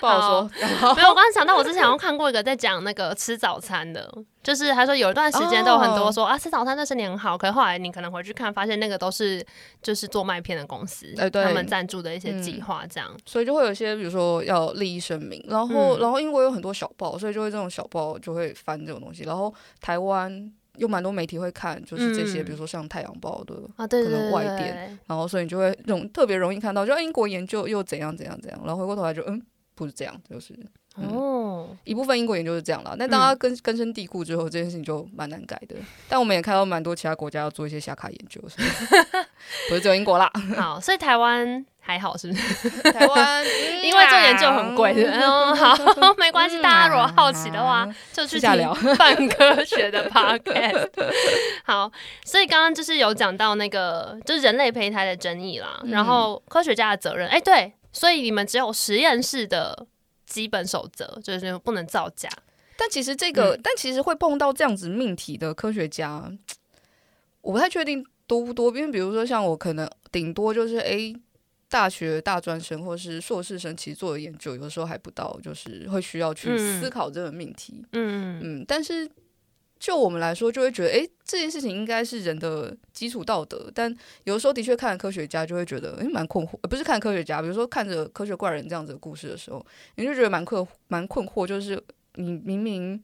不好說。沒有，我剛才想到，我之前好像看過一個在講那個吃早餐的，就是他說有一段時間都有很多說啊，吃早餐對身體很好。可是後來你可能回去看，發現那個都是就是做麥片的公司，他們贊助的一些計劃這樣。所以就會有一些，比如說要利益聲明，然後然後英國有很多小報，所以就會這種小報就會翻這種東西，然後台灣。有蠻多媒體會看。就是這些，比如說像《太陽報》，嗯，的可能外電，啊、對對對對，然後所以你就會容特別容易看到，就英國研究又怎樣怎樣怎樣，然後回過頭來就嗯，不是這樣，就是。哦，嗯 oh. 一部分英國研究是這樣啦，但當它根根深蒂固之後，這件事情就蠻難改的。嗯、但我們也看到蠻多其他國家要做一些下卡研究，所以不是只有英國啦。 好，所以台灣還好是不是？台灣因為做研究很貴， 嗯，好，沒關係，大家如果好奇的話，嗯啊、就去聽泛科學的 podcast 下 好，所以剛剛就是有講到那個就是人類胚胎的爭議啦，嗯、然後科學家的責任。哎、欸，對，所以你們只有實驗室的。基本守則就是不能造假，但其實這個，嗯、但其實會碰到這樣子命題的科學家，我不太確定多不多，因為比如說像我可能頂多就是誒，大學大專生或是碩士生，其實做的研究有時候還不到，就是會需要去思考這個命題，嗯嗯，但是。就我們來說，就會覺得，誒，這件事情應該是人的基礎道德。但有時候，的確看科學家就會覺得，誒，蠻困惑。呃、不是看科學家，比如說看着科學怪人這樣子的故事的時候，你就覺得蠻困，蠻困惑。就是你明明。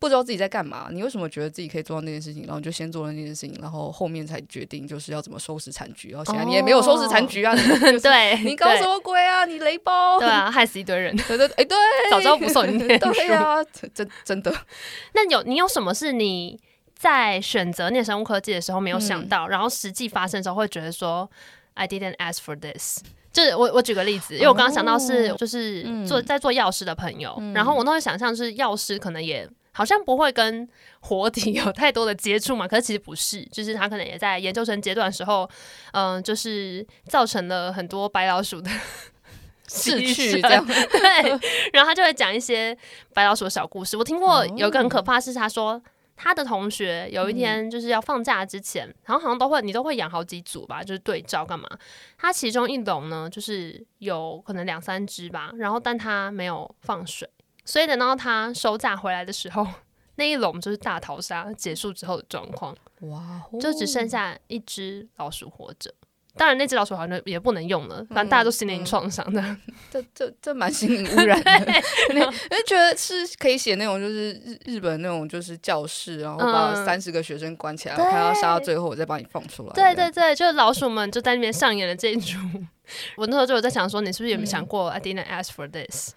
不知道自己在幹嘛？你為什麼覺得自己可以做到那件事情，然後就先做了那件事情，然後後面才決定就是要怎麼收拾殘局？然後現在你也沒有收拾殘局啊？對，你搞什麼鬼啊？你雷包？對啊，害死一堆人。對對哎，對，早知道不送你東西啊！真真的，那你有，你有什麼是你在選擇念生物科技的時候沒有想到，然後實際發生的時候會覺得說 I didn't ask for this？就是我我舉個例子，因為我剛剛想到是就是做在做藥師的朋友，然後我那時候想象是藥師可能也。好像不會跟活體有太多的接觸嘛，可是其實不是，就是他可能也在研究生階段的時候，嗯、呃，就是造成了很多白老鼠的逝去這樣， 對。然後他就會講一些白老鼠的小故事。我聽過有個很可怕是，他說他的同學有一天就是要放假之前，然後好像都會你都會養好幾組吧，就是對照幹嘛？他其中一籠，呢，就是有可能兩三隻吧，然後但他沒有放水。所以等到他收假回來的時候，那一籠就是大逃殺結束之後的狀況。哇，Wow. 就只剩下一隻老鼠活着。當然，那隻老鼠好像也不能用了。反正大家都心靈創傷的。這這這蠻心靈污染的。因為 覺得是可以寫那種，就是日日本那種，就是教室，然後把三十個學生關起來，還要殺到最後，我再幫你放出來。對對對，就是老鼠們就在那邊上演了這一出。 我那時候就有在想說，你是不是有沒有想過，I didn't ask for this。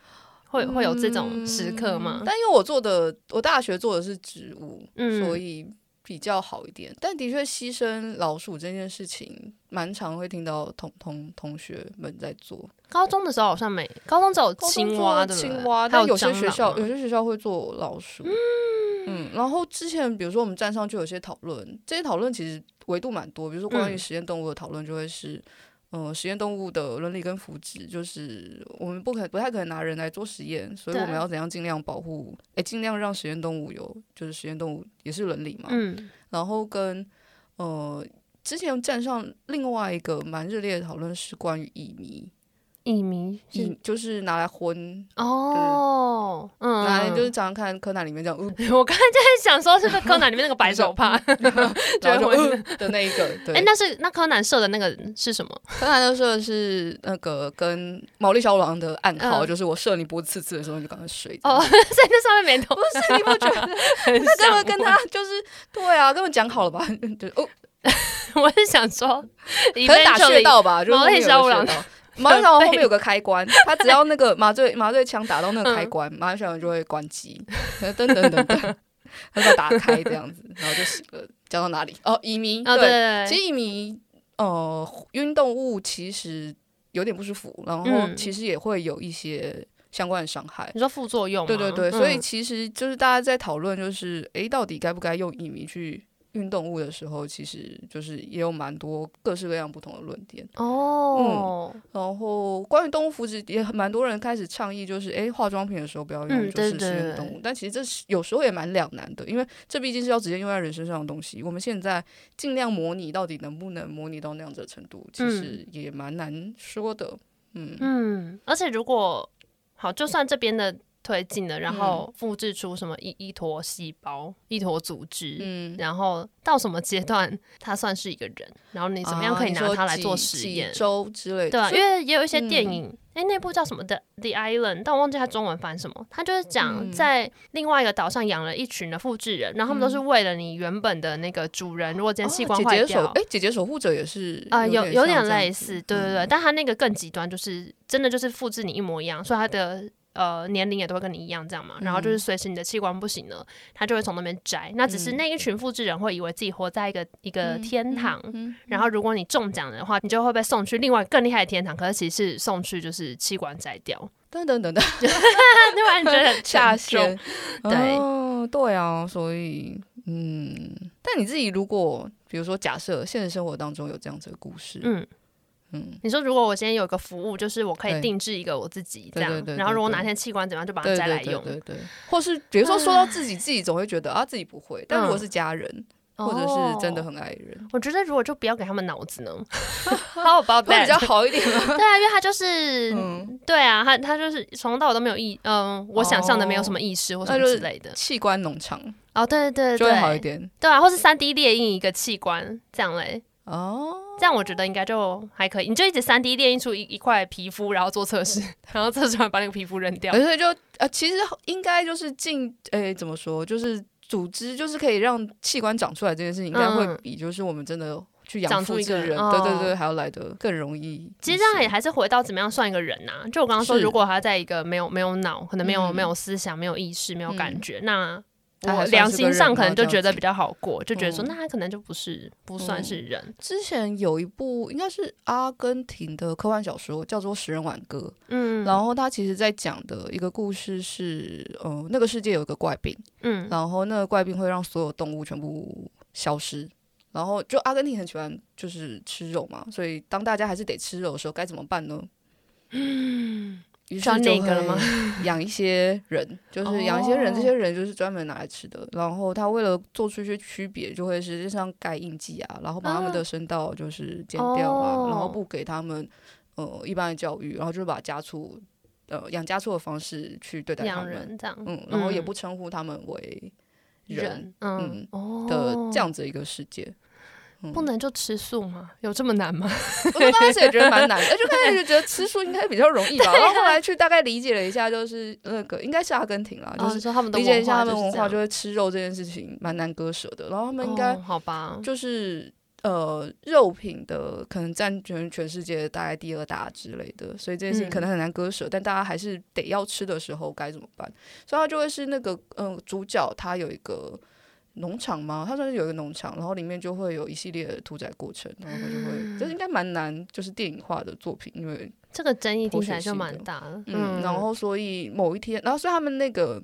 會會有這種時刻嗎？嗯，但因為我做的，我大學做的是植物，嗯，所以比較好一點。但的確，犧牲老鼠這件事情，蠻常會聽到同同同學們在做。高中的時候好像沒，高中只有青蛙的青蛙。他有些學校有，有些學校會做老鼠。嗯，嗯，然後之前比如說我們站上去有些討論，這些討論其實維度蠻多，比如說關於實驗動物的討論就會是，呃，實驗動物的倫理跟福祉，就是我們不可不太可能拿人來做實驗，所以我們要怎樣盡量保護？哎對，欸、盡量讓實驗動物有，就是實驗動物也是倫理嘛。嗯、然後跟呃，之前站上另外一個蠻熱烈的討論是關於異民。影迷是就是拿來混。哦，嗯，來就是早上看柯南裡面這樣，我剛才在想說是不是柯南裡面那個白手帕，然後的那一個，對。哎，那是那柯南射的那個是什麼？柯南射的是那個跟毛利小五郎的暗號，就是我射你脖子刺刺的時候，你就趕快睡。哦，睡那上面沒頭，不是你不覺得？是跟他就是對啊，根本講好了吧？對哦，我是想說，可能打穴道吧，就是毛利小五郎。麻醉槍準後面有個開關，它只要那個麻醉麻醉槍打到那個開關，麻醉槍、嗯、就會關機，等等等等，它就打開這樣子，然後就死了。講到哪裡？哦，乙醚對、哦，對，對、對，其實乙醚，呃，運動物其實有點不舒服，然後其實也會有一些相關的傷害，你說副作用？對對對，所以其實就是大家在討論，就是哎、嗯欸，到底該不該用乙醚去？運動物的時候，其實就是也有蠻多各式各樣不同的論點哦。嗯，oh. 然後關於動物福祉，也很蠻多人開始倡議，就是哎，化妝品的時候不要用就是實驗動物。但其實這是有時候也蠻兩難的，因為這畢竟是要直接用在人身上的東西。我們現在盡量模擬，到底能不能模擬到那樣的程度，其實也蠻難說的。嗯嗯，而且如果好，就算這邊的。嗯推進了，然後複製出什麼一一坨細胞、一坨組織，嗯、然後到什麼階段它算是一個人？然後你怎麼樣可以拿它來做實驗？啊、之類的，對說因為也有一些電影，哎、嗯欸，那部叫什麼的《The Island、嗯》，但我忘記它中文翻什麼。它就是講在另外一個島上養了一群的複製人，然後他們都是為了你原本的那個主人。如果今天器官壞掉，哎、哦，姐姐守護、欸、者也是啊、呃，有有點類似，對對對。嗯、但他那個更極端，就是真的就是複製你一模一樣，所以他的。嗯呃，年齡也都會跟你一樣這樣嘛。嗯、然後就是，隨時你的器官不行了，他就會從那邊摘。那只是那一群複製人會以為自己活在一個一個天堂。嗯嗯嗯、然後，如果你中獎的話，你就會被送去另外更厲害的天堂。可是，其實送去就是器官摘掉，等等等等，對吧？你覺得很嚇人？限對、哦，對啊。所以，嗯，但你自己如果，比如說，假設現實生活當中有這樣子的故事，嗯。嗯，你說，如果我今天有個服務，就是我可以定制一個我自己這樣，然後如果哪天器官怎樣，就把它再來用。對對，或是比如說，說到自己自己總會覺得，啊自己不會，但如果是家人或者是真的很愛人，我覺得，如果就不要給他們腦子呢？好，把蛋比較好一點，對啊，因為他就是，對啊，他他就是從頭到尾都沒有意，嗯，我想象的沒有什麼意識或什麼之類的器官農場。哦，對對對對，就會好一點，對啊，或是三 D 列印一個器官這樣嘞。哦。這樣我覺得應該就還可以，你就一直 3D 列印，出一一塊皮膚，然後做測試，嗯、然後測試完把那個皮膚扔掉。而且就呃，其實應該就是進，誒，怎麼說，就是組織，就是可以讓器官長出來這件事情，嗯、應該會比就是我們真的去養出一個人，哦、對對對，還要來得更容易。其實這樣也還是回到怎麼樣算一個人呢、啊、就我剛剛說，是如果他在一個沒有沒有腦，可能沒有、嗯、沒有思想、沒有意識、沒有感覺，嗯、那。他良心上可能就覺得比較好過，就覺得說那他可能就不是、嗯、不算是人、嗯。之前有一部應該是阿根廷的科幻小說，叫做《食人挽歌》。嗯，然後他其實在講的一個故事是，呃，那個世界有一個怪病。嗯，然後那個怪病會讓所有動物全部消失。然後就阿根廷很喜歡就是吃肉嘛，所以當大家還是得吃肉的時候，該怎麼辦呢？嗯。像那個嗎？養一些人， 就是養一些人，這些人就是專門拿來吃的。Oh. 然後他為了做出一些區別，就會實際上蓋印記啊，然後把他們的聲道就是剪掉啊，uh. oh. 然後不給他們呃一般的教育，然後就是把家畜呃養家畜的方式去對待他們人，嗯，然後也不稱呼他們為人，人 uh. 嗯的這樣子一個世界。不能就吃素嗎？有這麼難嗎？ 我剛開始也覺得蠻難的，就開始就覺得吃素應該比較容易吧。 的然後後來去大概理解了一下，就是那個應該是阿根廷啦，啊、就是理解一下他們,他們文化就會吃肉這件事情蠻難割舍的。然後他們應該、就是哦、好吧，就是呃肉品的可能占全全世界大概第二大之類的，所以這件事情可能很難割舍。嗯、但大家還是得要吃的時候該怎麼辦？所以他就會是那個嗯、呃，主角他有一個。農場嗎？他說是有一個農場，然後裡面就會有一系列的屠宰過程，然後他就會，就是、嗯、應該蠻難，就是電影化的作品，因為這個爭議聽起來就蠻大的。嗯，嗯然後所以某一天，然後所以他們那個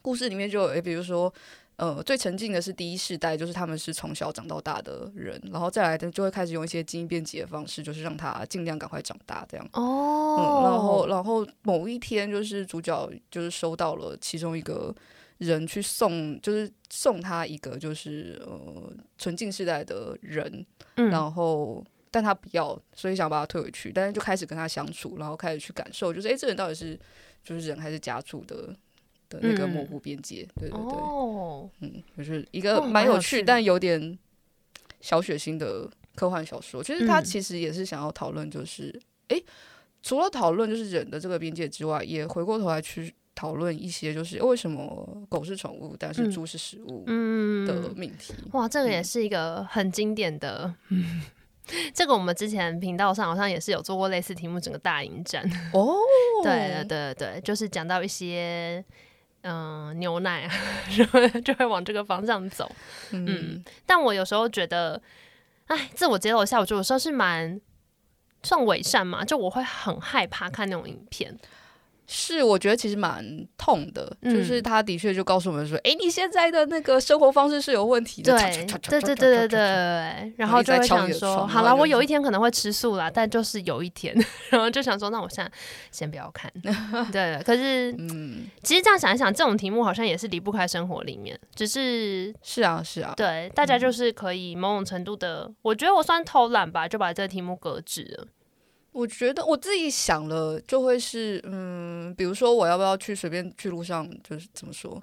故事裡面就，有，比如說，呃，最沉浸的是第一世代，就是他們是從小長到大的人，然後再來的就會開始用一些基因編輯的方式，就是讓他儘量趕快長大這樣。哦、嗯，然後然後某一天，就是主角就是收到了其中一個。人去送，就是送他一個就是呃純淨世代的人，嗯、然後但他不要，所以想把他退回去，但是就開始跟他相處，然後開始去感受，就是哎，這人到底是就是人還是家族的的那個模糊邊界？嗯、對對對，哦、嗯，就是一個蠻有趣，哦、有趣但有點小血腥的科幻小說。其實他其實也是想要討論，就是哎、嗯，除了討論就是人的這個邊界之外，也回過頭來去。討論一些就是為什麼狗是寵物，但是豬是食物的命題，嗯嗯。哇，這個也是一個很經典的。嗯、這個我們之前頻道上好像也是有做過類似題目，整個大營戰。哦， 對對對對，就是講到一些嗯、呃、牛奶什麼 就會往這個方向走。嗯，嗯，但我有時候覺得，哎，自我揭露一下，我覺得我說是蠻算偽善嘛，就我會很害怕看那種影片。是，我覺得其實蠻痛的，就是他的確就告訴我們說，欸，你現在的那個生活方式是有問題的，對對對對對對。然後就會想說，好啦，我有一天可能會吃素啦，但就是有一天，然後就想說，那我現在先不要看，對。可是，嗯，其實這樣想一想，這種題目好像也是離不開生活裡面，只是是啊，是啊，對，大家就是可以某種程度的，我覺得我算偷懶吧，就把這個題目擱置了。我覺得我自己想了就會是嗯，比如說我要不要去隨便去路上就是怎麼說，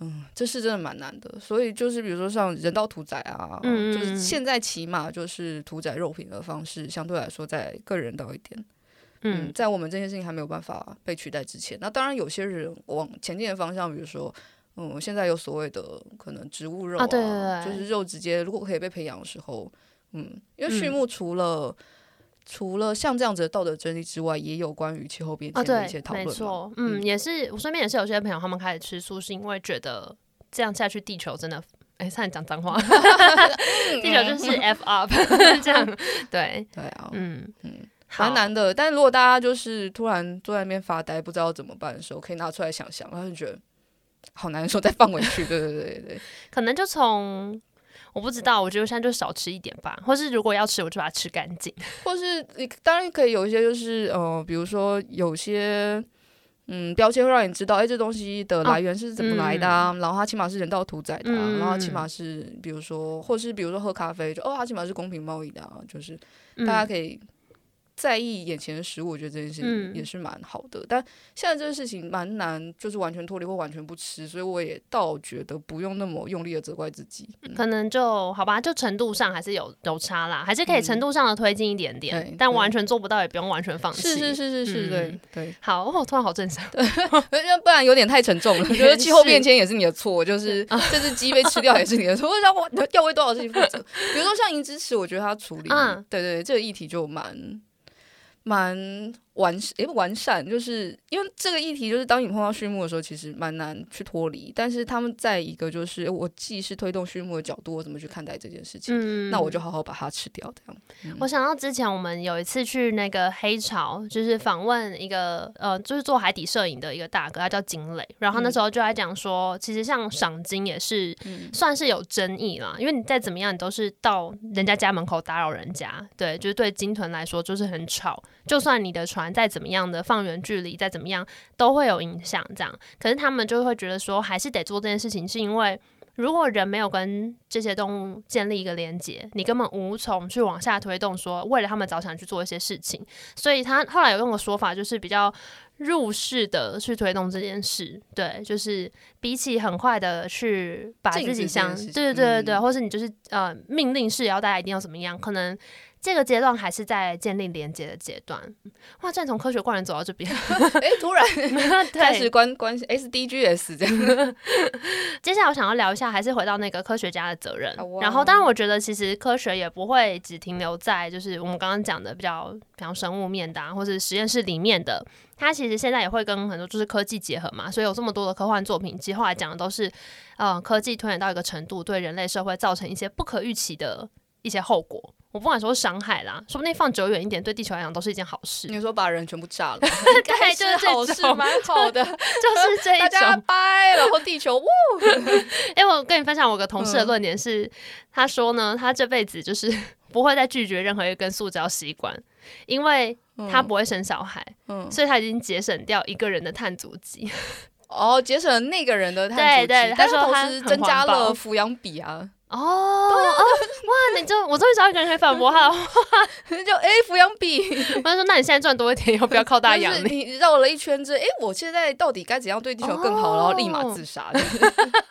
嗯，這是真的蠻難的。所以就是比如說像人道屠宰啊，嗯，就是現在起碼就是屠宰肉品的方式相對來說在更人道一點。嗯，在我們這些事情還沒有辦法被取代之前，那當然有些人往前進的方向，比如說嗯，現在有所謂的可能植物肉啊，就是肉直接如果可以被培養的時候，嗯，因為畜牧除了除了像這樣子的道德真理之外，也有關於氣候變遷的一些討論、啊。沒錯，嗯，也是，我身邊也是有些朋友他們開始吃素，是因為覺得這樣下去地球真的……哎、欸，差點講髒話， 嗯、地球就是 f up， 嗯、這樣，對，對啊好，嗯嗯，蠻、嗯、好難的。但是如果大家就是突然坐在那邊發呆，不知道怎麼辦的時候，可以拿出來想想，然後就覺得好難受，再放回去。 對對對對，可能就從。我不知道，我覺得現在就少吃一點吧，或是如果要吃，我就把它吃乾淨，或是你當然可以有一些，就是呃，比如說有些嗯標籤會讓你知道，哎、欸，這東西的來源是怎麼來的、啊，啊嗯、然後它起碼是人道屠宰的、啊，嗯、然後它起碼是比如說，或是比如說喝咖啡，就哦，它起碼是公平貿易的、啊，就是、嗯、大家可以。在意眼前的食物，我覺得這件事情也是蠻好的。但現在這個事情蠻難，就是完全脫離或完全不吃，所以我也倒覺得不用那麼用力的責怪自己。可能就好吧，就程度上還是有有差啦，還是可以程度上的推進一點點，但完全做不到也不用完全放棄。是是是是是，對對。好，哦，突然好正常，要不然有點太沉重了。你覺得氣候變遷也是你的錯？就是這只雞被吃掉也是你的錯？為啥要為多少事情負責？比如說像銀支池，我覺得它處理，對對，這個議題就蠻。蠻完善，誒，完善，就是因為這個議題，就是當你碰到畜牧的時候，其實蠻難去脫離。但是他們在一個，就是我既是推動畜牧的角度，我怎麼去看待這件事情？嗯、那我就好好把它吃掉，這樣。嗯、我想到之前我們有一次去那個黑潮，就是訪問一個，呃，就是做海底攝影的一個大哥，他叫金磊。然後那時候就還講說，嗯、其實像賞鯨也是、嗯、算是有爭議啦，因為你再怎麼樣，你都是到人家家門口打擾人家，對，就是對鯨豚來說就是很吵。就算你的船再怎麼樣的放遠距離，再怎麼樣都會有影響。這樣，可是他們就會覺得說，還是得做這件事情，是因為如果人沒有跟這些動物建立一個連接，你根本無從去往下推動。說為了他們着想去做一些事情，所以他後來有用的說法，就是比較入世的去推動這件事。對，就是比起很快的去把自己想對對對對，嗯、或是你就是呃命令式要大家一定要怎麼樣，可能。這個階段還是在建立連接的階段。哇，這樣從科學怪人走到這邊，哎， 突然 對開始關關係，SDGs 這樣。 接下來我想要聊一下，還是回到那個科學家的責任。Oh, wow. 然後，當然我覺得其實科學也不會只停留在就是我們剛剛講的比較，比方生物面的，啊，或者實驗室裡面的。它其實現在也會跟很多就是科技結合嘛，所以有這麼多的科幻作品，其實後來講的都是，嗯，呃，科技推演到一個程度，對人類社會造成一些不可預期的。一些後果，我不管說傷害啦，說不定放久遠一點，對地球來講都是一件好事。你說把人全部炸了，對， 就是好事，蠻好的， 就是這一種大家掰，然後地球。哎、 欸，我跟你分享我個同事的論點是，嗯、他說呢，他這輩子就是不會再拒絕任何一根塑膠吸管，因為他不會生小孩，嗯嗯、所以他已經節省掉一個人的碳足跡。哦，節省了那個人的碳足跡，但是同時增加了撫養比啊。哦、啊、哦 哇！你就我終於找一個人可以反駁他了， 就哎撫、欸、養比。他說：“那你現在賺多一點，要不要靠大家養你？”繞了一圈之後，哎，我現在到底該怎樣對地球更好？哦、然後立馬自殺的。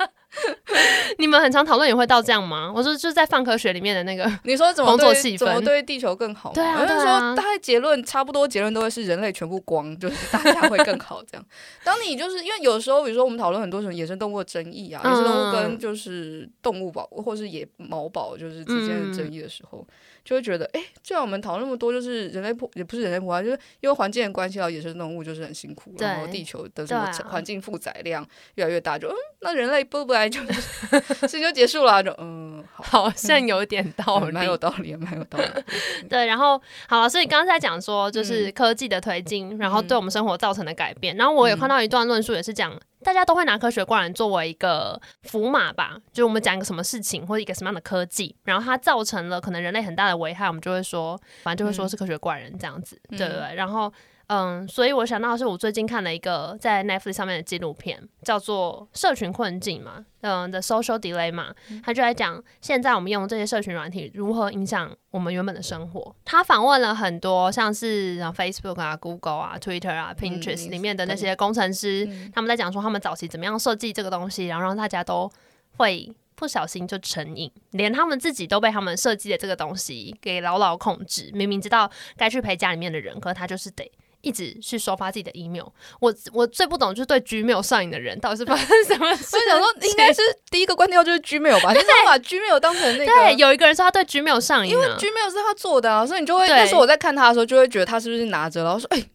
你們很常討論也會到這樣嗎？我說就是在泛科學裡面的那個工作，你說怎麼對怎麼對地球更好嗎？對啊，對啊，我就說大概結論差不多，結論都會是人類全部光，就是大家會更好這樣。 當你就是因為有時候，比如說我們討論很多種野生動物的爭議啊，嗯、野生動物跟就是動物保或是野毛保就是之間的爭議的時候。嗯就會覺得，哎，既然我們討論那麼多，就是人類破也不是人類破壞，就是因為環境的關係到野生動物，就是很辛苦。對然後地球的什麼環境負載量越來越大，啊、就嗯，那人類不不來就，事情 就結束了，就嗯，好，好像有點道理，蠻、嗯、有道理，蠻有道理。 對，然後好，所以你剛剛在講說，就是科技的推進，嗯、然後對我們生活造成的改變，嗯、然後我也看到一段論述，也是講。大家都會拿科學怪人作為一個符碼吧，就我們講一個什麼事情或者一個什麼樣的科技，然後它造成了可能人類很大的危害，我們就會說，反正就會說是科學怪人這樣子，嗯、對對對，然後。嗯，所以我想到的是，我最近看了一個在 Netflix 上面的紀錄片，叫做《社群困境》嘛，嗯，The Social Delay 嘛，他就在講現在我們用這些社群軟體如何影響我們原本的生活。他訪問了很多像是 Facebook 啊、Google 啊、Twitter 啊、Pinterest 裡面的那些工程師，他們在講說他們早期怎麼樣設計這個東西，然後讓大家都會不小心就成癮，連他們自己都被他們設計的這個東西給牢牢控制。明明知道該去陪家裡面的人，可他就是得。一直是收發自己的 email，我我最不懂就是對 Gmail 上癮的人到底是發生什麼事？所以想說應該是第一個關掉就是 Gmail 吧，就是對把 Gmail 當成那個。對，有一個人說他對 Gmail 上癮啊，因為 Gmail 是他做的啊，所以你就會對那時候我在看他的時候就會覺得他是不是拿着，然後說哎。欸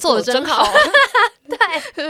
做的真好，對，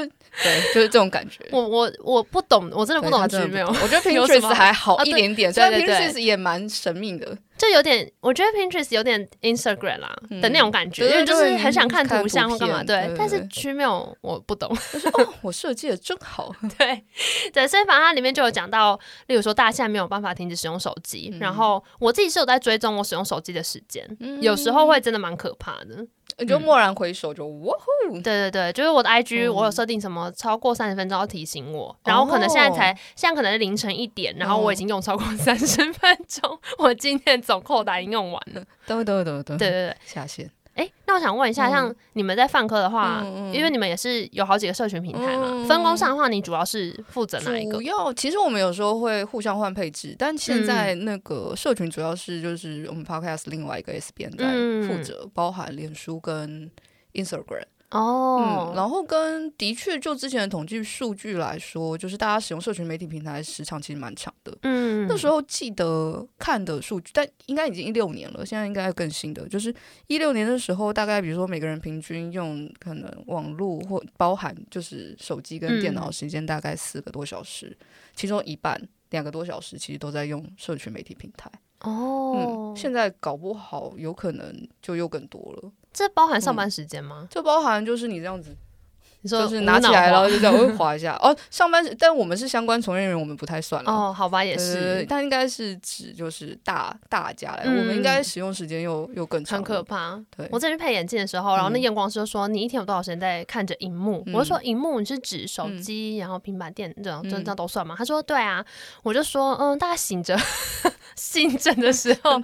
對，就是這種感覺。我我我不懂，我真的不懂。沒我覺得 Pinterest 還好一點點，對對 Pinterest 也蠻神秘的，就有點，我覺得 Pinterest 有點 Instagram 啦的那種感覺，因為就是很想看圖像或幹嘛。對，但是 Gmail 我不懂，他說哦，我設計的真好，對對。所以反正它裡面就有講到，例如說大家現在沒有辦法停止使用手機，然後我自己是有在追蹤我使用手機的時間，有時候會真的蠻可怕的。你、欸、就驀然回首，嗯、就哇呼！對對對，就是我的 I G，我有設定什麼超過三十分鐘要提醒我，嗯、然後可能現在才，哦、現在可能是凌晨一點，然後我已經用超過三十分鐘，哦、 我今天總扣打已經用完了，等等等等，對對對，下線。哎，那我想問一下，像你們在泛科的話，嗯、因為你們也是有好幾個社群平台嘛，嗯、分工上的話，你主要是負責哪一個？主要，其實我們有時候會互相換配置，但現在那個社群主要是就是我們 Podcast 另外一個 S B 在負責，嗯、包含臉書跟 Instagram。哦，oh. 嗯，然後跟的確，就之前的統計數據來說，就是大家使用社群媒體平台時長其實蠻長的。嗯，那時候記得看的數據，但應該已經一六年了，現在應該更新的，就是一六年的時候，大概比如說每個人平均用可能網絡或包含就是手機跟電腦時間大概四個多小時，嗯，其中一半兩個多小時其實都在用社群媒體平台。哦，oh. 嗯，現在搞不好有可能就又更多了。這包含上班時間嗎？就、嗯、包含就是你這樣子，你說就是拿起來然後就這樣會滑一下 哦。上班時，但我們是相關從業人員，我們不太算了。哦，好吧，也是、呃。但應該是指就是大大家來，嗯、我們應該使用時間又又更長。很可怕。對，我在那邊配眼鏡的時候，然後那驗光師就說：“你一天有多少時間在看着熒幕？”嗯、我就說：“熒幕，你是指手機，嗯、然後平板電腦，這樣這樣都算嗎？”嗯、他說：“對啊。”我就說：“嗯，大家醒着。 ”新政的時候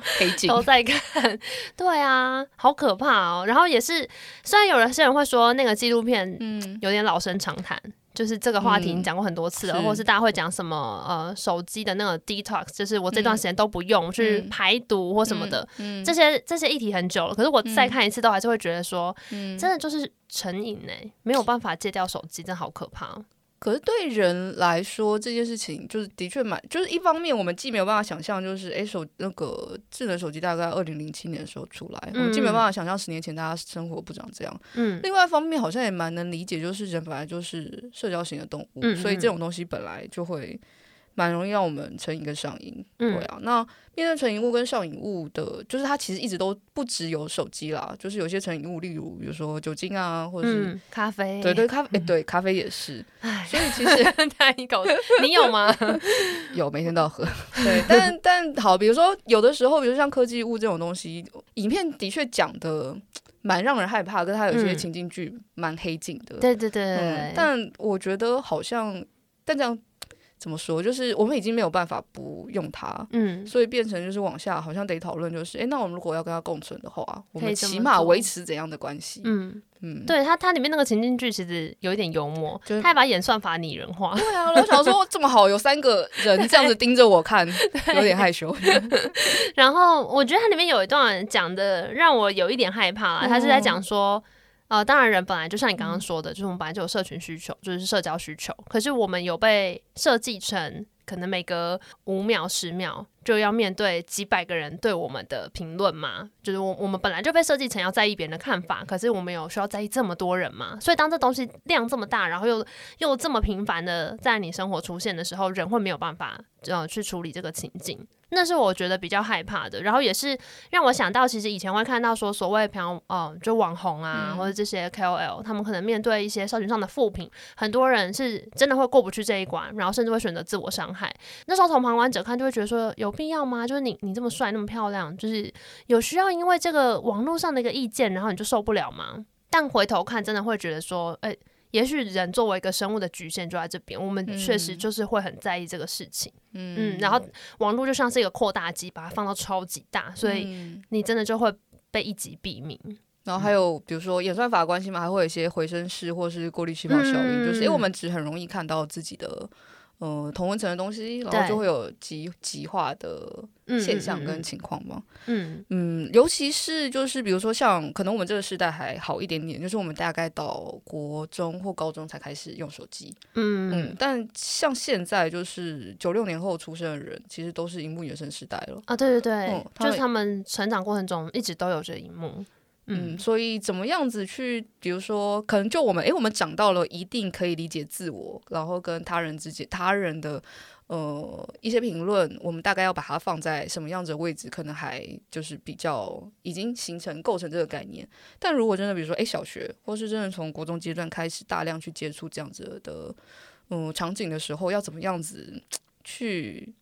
都在看，對啊，好可怕哦。然後也是，雖然有一些人會說那個紀錄片有點老生常談，就是這個話題你講過很多次了，或者是大家會講什麼呃手機的那個 detox，就是我這段時間都不用去排毒或什麼的，這些這些議題很久了。可是我再看一次，都還是會覺得說，真的就是成癮哎，沒有辦法戒掉手機，真的好可怕。可是對人來說，這件事情就是的確蠻，就是一方面，我們既沒有辦法想象，就是哎，手那個智能手機大概二零零七年的時候出來，嗯。我們既沒辦法想象十年前大家生活不長這樣。嗯。另外一方面，好像也蠻能理解，就是人本來就是社交型的動物，嗯哼。所以這種東西本來就會。蠻容易讓我們成癮跟上癮，對啊。嗯、那面對成癮物跟上癮物的，就是它其實一直都不只有手機啦，就是有些成癮物，例如比如說酒精啊，或者是咖啡，對對、對，咖啡，嗯欸、對，咖啡也是。唉所以其實太 搞，你有嗎？ 有，每天都要喝。對，但但好，比如說有的時候，比如說像科技物這種東西，影片的確講的蠻讓人害怕，跟它有一些情境劇蠻黑鏡的。嗯嗯、對對對、嗯。但我覺得好像，但這樣。怎麼說？就是我們已經沒有辦法不用它，嗯，所以變成就是往下好像得討論，就是誒、欸，那我們如果要跟它共存的話，我們起碼維持怎樣的關係？嗯嗯，嗯對，它它裡面那個情景劇其實有一點幽默，就他還把演算法擬人化。對啊，我想說 這麼好，有三個人這樣子盯着我看，對有點害羞。對 然後我覺得它裡面有一段講的讓我有一點害怕、啊，Oh. 他是在講說。呃，當然，人本來就像你剛剛說的，嗯、就是我們本來就有社群需求，就是社交需求。可是，我們有被設計成可能每隔五秒、十秒就要面對幾百個人對我們的評論嗎？就是我我們本來就被設計成要在意別人的看法，可是我們有需要在意這麼多人嘛？所以當這東西量這麼大，然後又又這麼頻繁的在你生活出現的時候，人會沒有辦法呃去處理這個情境，那是我覺得比較害怕的。然後也是讓我想到，其實以前會看到說，所謂朋友哦，就網紅啊、嗯、或者這些 KOL，他們可能面對一些社群上的負評，很多人是真的會過不去這一關，然後甚至會選擇自我傷害。那時候從旁觀者看就會覺得說有必要嗎？就是你你這麼帥那麼漂亮，就是有需要。因為這個網絡上的一個意見，然後你就受不了嘛？但回頭看，真的會覺得說，誒、欸，也許人作為一個生物的局限就在這邊。我們確實就是會很在意這個事情，嗯，嗯，然後網絡就像是一個擴大機，把它放到超級大，所以你真的就會被一擊斃命。然後還有比如說演算法關係嘛，還會有一些回聲室或是過濾氣泡效應，嗯、就是因為我們只很容易看到自己的。呃，同溫層的東西，然後就會有極極對化的現象跟情況嘛。嗯嗯，嗯，尤其是就是比如說像，可能我們這個時代還好一點點，就是我們大概到國中或高中才開始用手機。嗯，嗯但像現在就是九六年後出生的人，其實都是熒幕原生時代了。啊，對對對，嗯、就是他們成長過程中一直都有這熒幕。嗯，嗯，所以怎麼樣子去，比如說，可能就我們，哎，我們講到了一定可以理解自我，然後跟他人之間，他人的呃一些評論，我們大概要把它放在什麼樣子的位置，可能還就是比較已經形成構成這個概念。但如果真的比如說，哎，小學，或是真的從國中階段開始大量去接觸這樣子的嗯，呃，場景的時候，要怎麼樣子去？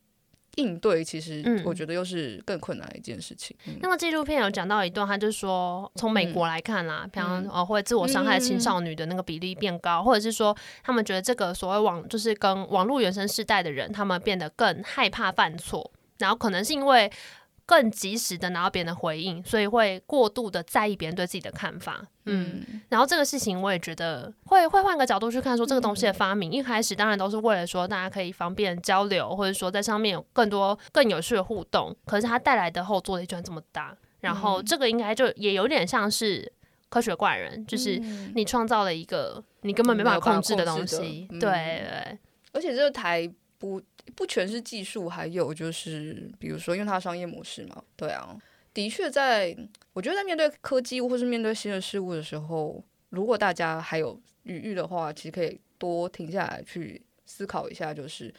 應對，其實我覺得又是更困難一件事情。嗯嗯、那麼紀錄片有講到一段，他就是說從美國來看啦，比方哦，會自我傷害青少女的那個比例變高，嗯、或者是說他們覺得這個所謂網就是跟網絡原生世代的人，他們變得更害怕犯錯，然後可能是因為。更及時的拿到別人的回應，所以會過度的在意別人對自己的看法。嗯，嗯、然後這個事情我也覺得會會換個角度去看，說這個東西的發明、嗯、一開始當然都是為了說大家可以方便交流，或者說在上面有更多更有趣的互動。可是它帶來的後座力居然這麼大，嗯、然後這個應該就也有點像是科學怪人，嗯、就是你創造了一個你根本沒辦法控制的東西。對、嗯、對，對。而且這個台不。不全是技術，還有就是，比如說，用它的商業模式嘛，對啊，的確，在我覺得在面對科技或是面對新的事物的時候，如果大家還有餘裕的話，其實可以多停下來去思考一下，就是。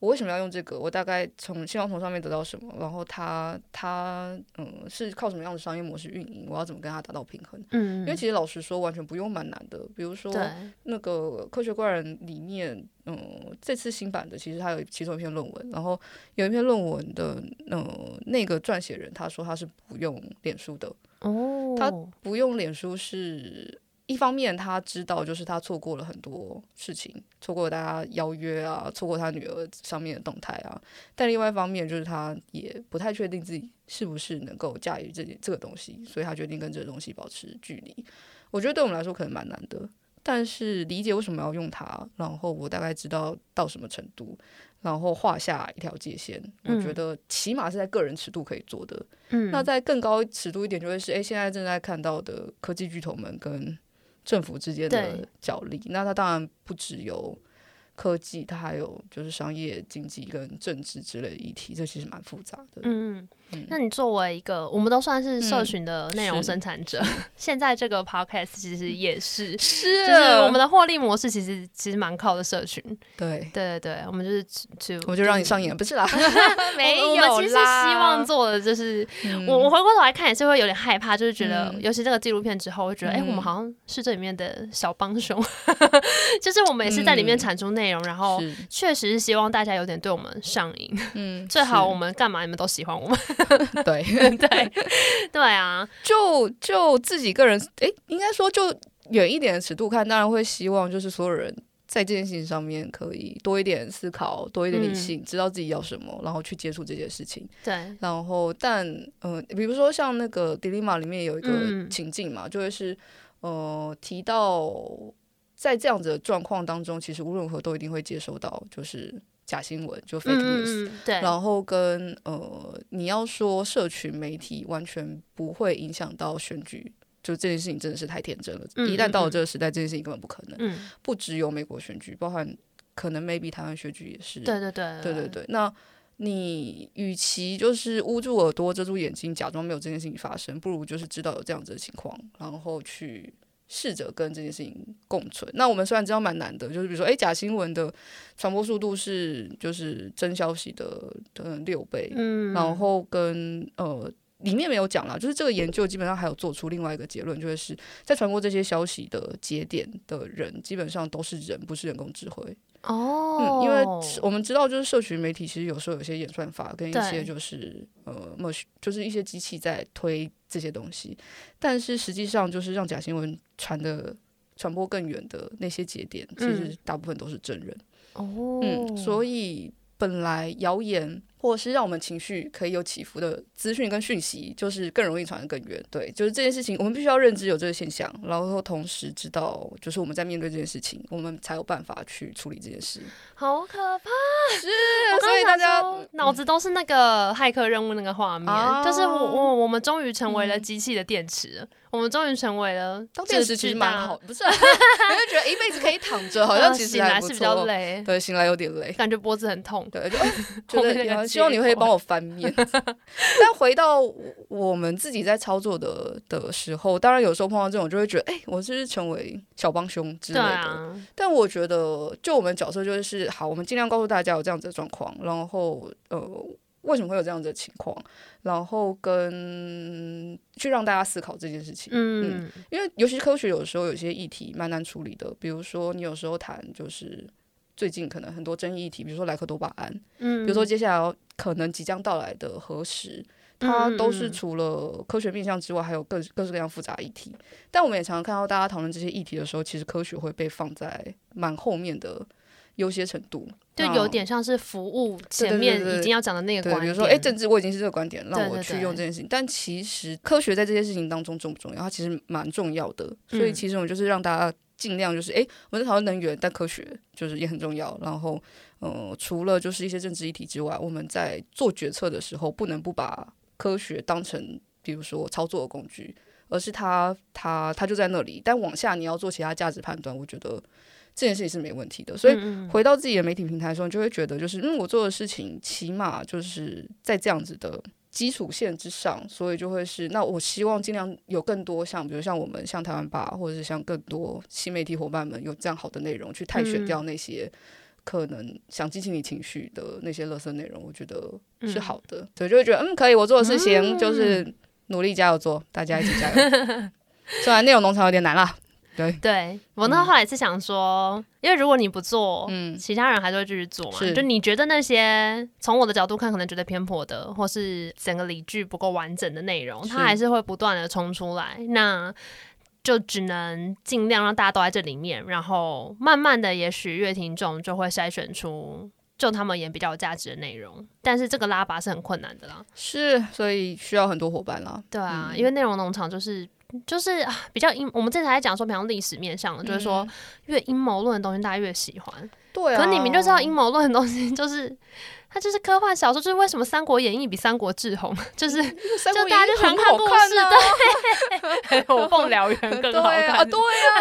我為什麼要用這個？我大概從希望從上面得到什麼？然後他他嗯、呃、是靠什麼樣的商業模式運營？我要怎麼跟他達到平衡？嗯，因為其實老實說，完全不用蠻難的。比如說那個科學怪人裡面，嗯、呃，這次新版的其實它有其中一篇論文，嗯、然後有一篇論文的那、呃、那個撰寫人他說他是不用臉書的哦，他不用臉書是。一方面他知道，就是他錯過了很多事情，錯過了大家邀約啊，錯過他女兒上面的動態啊。但另外一方面，就是他也不太確定自己是不是能夠駕馭這這個東西，所以他決定跟這個東西保持距離。我覺得對我們來說可能蠻難的，但是理解為什麼要用它，然後我大概知道到什麼程度，然後畫下一條界限。我覺得起碼是在個人尺度可以做的。嗯，那在更高尺度一點、就是，就會是哎，現在正在看到的科技巨頭們跟政府之間的角力，對那它當然不只有科技，它還有就是商業、經濟跟政治之類議題，這其實蠻複雜的。嗯，那你作為一個，我們都算是社群的內容生產者，現在這個 podcast 其實也是，是就是我們的獲利模式，其實其實蠻靠的社群。對，對對對我們就是就我就讓你上癮，不是啦，沒有啦，我其實希望做的就是，我我回過頭來看也是會有點害怕，就是覺得，尤其這個紀錄片之後，我會覺得，哎，我們好像是這裡面的小幫兇，就是我們也是在裡面產出內容。然後確實是希望大家有點對我們上癮，是嗯，最好我們幹嘛是你們都喜歡我們，對 對 對啊，就就自己個人哎，應該說就遠一點的尺度看，當然會希望就是所有人在這件事情上面可以多一點思考，多一點理性，嗯、知道自己要什麼，然後去接觸這件事情，對。然後但嗯、呃，比如說像那個 dilemma 裡面有一個情境嘛，嗯、就會是呃提到。在這樣子的狀況當中，其實無論如何都一定會接收到就是假新聞，就 fake news。嗯。對。然後跟呃，你要說社群媒體完全不會影響到選舉，就這件事情真的是太天真了。嗯。一旦到了這個時代，嗯。這件事情根本不可能。嗯。不只有美國選舉，包含可能 maybe 台灣選舉也是。對對對。對對對。那你與其就是捂住耳朵、遮住眼睛，假裝沒有這件事情發生，不如就是知道有這樣子的情況，然後去。試着跟這件事情共存。那我們雖然知道蠻難的，就是比如說，哎，假新聞的傳播速度是就是真消息的嗯，呃，六倍，嗯，然後跟呃。裡面沒有講啦，就是這個研究基本上還有做出另外一個結論，就是在傳播這些消息的節點的人，基本上都是人，不是人工智慧哦。Oh. 嗯。因為我們知道，就是社群媒體其實有時候有些演算法跟一些就是對呃，就是一些機器在推這些東西，但是實際上就是讓假新聞傳的傳播更遠的那些節點，其實大部分都是真人哦。Oh. 嗯，所以本來謠言。或是讓我們情緒可以有起伏的資訊跟訊息，就是更容易傳得更遠。對，就是這件事情，我們必須要認知有這個現象，然後同時知道，就是我們在面對這件事情，我們才有辦法去處理這件事。好可怕！是，所以大家腦子都是那個駭客任務那個畫面，就是我我我們終於成為了機器的電池，我們終於成為了電池。其實蠻好的，不是？我就覺得一輩子可以躺着，好像其實醒來是比較累，對，醒來有點累，感覺脖子很痛，對，就覺得有點。希望你會幫我翻面， 但回到我們自己在操作的的時候，當然有時候碰到這種，就會覺得，哎、欸，我是不是成為小幫兇之類的。啊、但我覺得，就我們角色就是好，我們盡量告訴大家有這樣子的狀況，然後呃，為什麼會有這樣子的情況，然後跟去讓大家思考這件事情。嗯，嗯，因為尤其科學有時候有些議題蠻難處理的，比如說你有時候談就是。最近可能很多爭議議題，比如說萊克多巴胺，嗯，比如說接下來可能即將到來的核食，嗯、它都是除了科學面向之外，還有各各式各樣複雜的議題。但我們也常常看到，大家討論這些議題的時候，其實科學會被放在蠻後面的優先程度，就有點像是服務前面已經要講的那個觀點對，對，對，對，對，對，比如說，哎、欸，政治我已經是這個觀點，讓我去用這件事情。對對對，但其實科學在這些事情當中重不重要？它其實蠻重要的。所以其實我們就是讓大家。盡量就是哎，我們討論能源，但科學就是也很重要。然後，嗯、呃，除了就是一些政治議題之外，我們在做決策的時候，不能不把科學當成，比如說操作的工具，而是它它它就在那裡。但往下你要做其他價值判斷，我覺得這件事情是沒問題的。所以回到自己的媒體平台的時候，你就會覺得，就是因為、嗯、我做的事情，起碼就是在這樣子的。基礎線之上，所以就會是，那我希望盡量有更多像，比如像我們像台灣吧，或者是像更多新媒體夥伴們有這樣好的內容，去汰選掉那些可能想激起你情緒的那些垃圾內容，我覺得是好的。嗯、所以就會覺得，嗯，可以，我做的事情就是努力加油做，嗯、大家一起加油。 雖然內容農場有點難啦。對，我那後來是想說，嗯、因為如果你不做，嗯、其他人還是會繼續做嘛、啊。是，就你覺得那些從我的角度看可能覺得偏頗的，或是整個理據不夠完整的內容，是它還是會不斷的衝出來。那就只能盡量讓大家都在這裡面，然後慢慢的，也許閱聽眾就會篩選出就他們演比較有價值的內容。但是這個拉拔是很困難的啦，是，所以需要很多夥伴啦。對啊，嗯、因為內容農場就是。就是啊，比較陰。我們之前還在講說，比方歷史面向的，嗯、就是說越陰謀論的東西，大家越喜歡。對、啊，可你們就知道陰謀論的東西就是。它就是科幻小說，就是為什麼《三國演義》比《三國志》紅，就是就大家就想看故事，對，《火鳳燎原》更好看，對啊，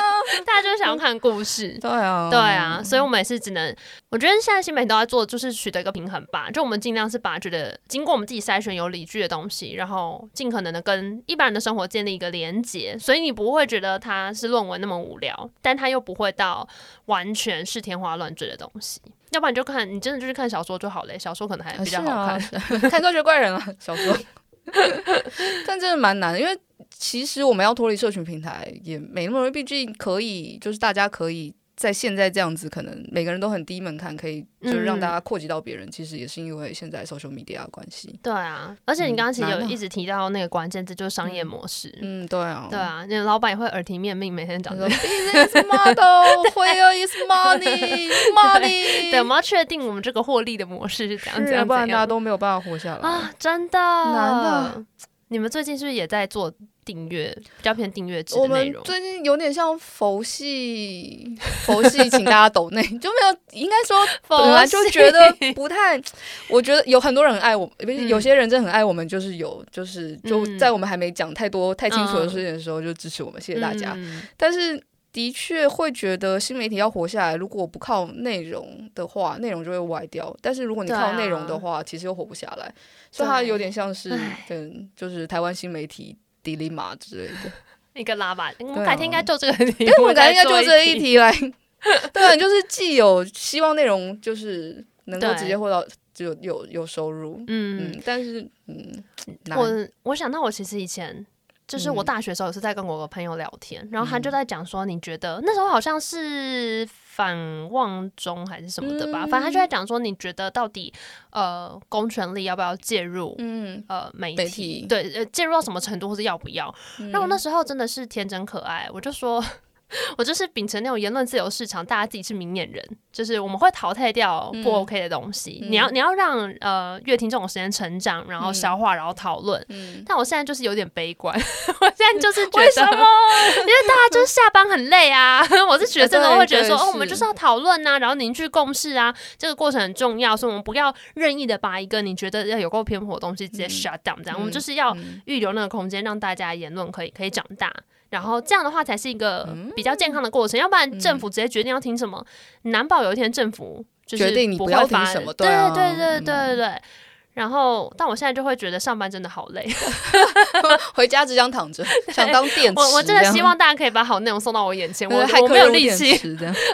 大家就是想要看故事，對啊，對啊，所以我們也是只能，我覺得現在新媒體都在做，就是取得一個平衡吧，就我們盡量是把覺得經過我們自己篩選有理據的東西，然後盡可能的跟一般人的生活建立一個連結，所以你不會覺得它是論文那麼無聊，但它又不會到完全是天花亂墜的東西。要不然你就看，你真的就是看小說就好嘞、欸，小說可能還比較好看。看科學怪人啊， 小說， 但真的蠻難的，因為其實我們要脫離社群平台也沒那麼容易，畢竟可以就是大家可以。在現在這樣子，可能每個人都很低門檻，可以就是讓大家擴及到別人。嗯、其實也是因為現在社交媒體的關係。對啊，而且你剛剛其實有一直提到那個關鍵字，就是商業模式。嗯，啊對啊，對啊，你老闆也會耳提面命，每天講說：business model，where is money，money。對，我們要確定我們這個獲利的模式是這樣，不然大家都沒有辦法活下來啊！真的，真的、啊，你們最近是不是也在做？訂閱，比較偏訂閱制。我們最近有點像佛系，佛系請大家抖內 就沒有，應該說本來就覺得不太，我覺得有很多人很愛我，有些人真的很愛我們，就是有，就是就在我們還沒講太多太清楚的事情的時候，就支持我們，謝謝大家。但是的確會覺得新媒體要活下來，如果不靠內容的話，內容就會歪掉；但是如果你靠內容的話，其實又活不下來，所以它有點像是跟就是台灣新媒體。迪麗瑪之類的一個拉吧，我們改天應該做這個，因為我們改天應該做這個題來。 對，就是既有希望內容，就是能夠直接獲得對有有有收入。嗯，嗯但是嗯，我難我想到我其實以前就是我大學時候也是在跟我的朋友聊天，然後他就在講說，你覺得、嗯、那時候好像是。反旺中還是什麼的吧，嗯、反正他就在講說，你覺得到底呃公權力要不要介入？嗯，呃媒體提對介入到什麼程度，或是要不要？那我、嗯、那時候真的是天真可愛，我就說。我就是秉承那種言論自由市場，大家自己是明眼人，就是我們會淘汰掉不 OK 的東西。你要你要讓呃樂聽這種時間成長，然後消化，然後討論。但我現在就是有點悲觀，我現在就是覺得，為什麼？因為大家就是下班很累啊。我是覺得都會覺得說，哦，我們就是要討論啊，然後凝聚共識啊，這個過程很重要，所以我們不要任意的把一個你覺得要有夠偏頗的東西直接 shut down。這樣，我們就是要預留那個空間，讓大家言論可以可以長大。然後這樣的話才是一個比較健康的過程，要不然政府直接決定要聽什麼，難保有一天政府就是決定你不要聽什麼。對對對對對對。然後，但我現在就會覺得上班真的好累，回家只想躺着，想當電池。我我真的希望大家可以把好內容送到我眼前，我我沒有力氣，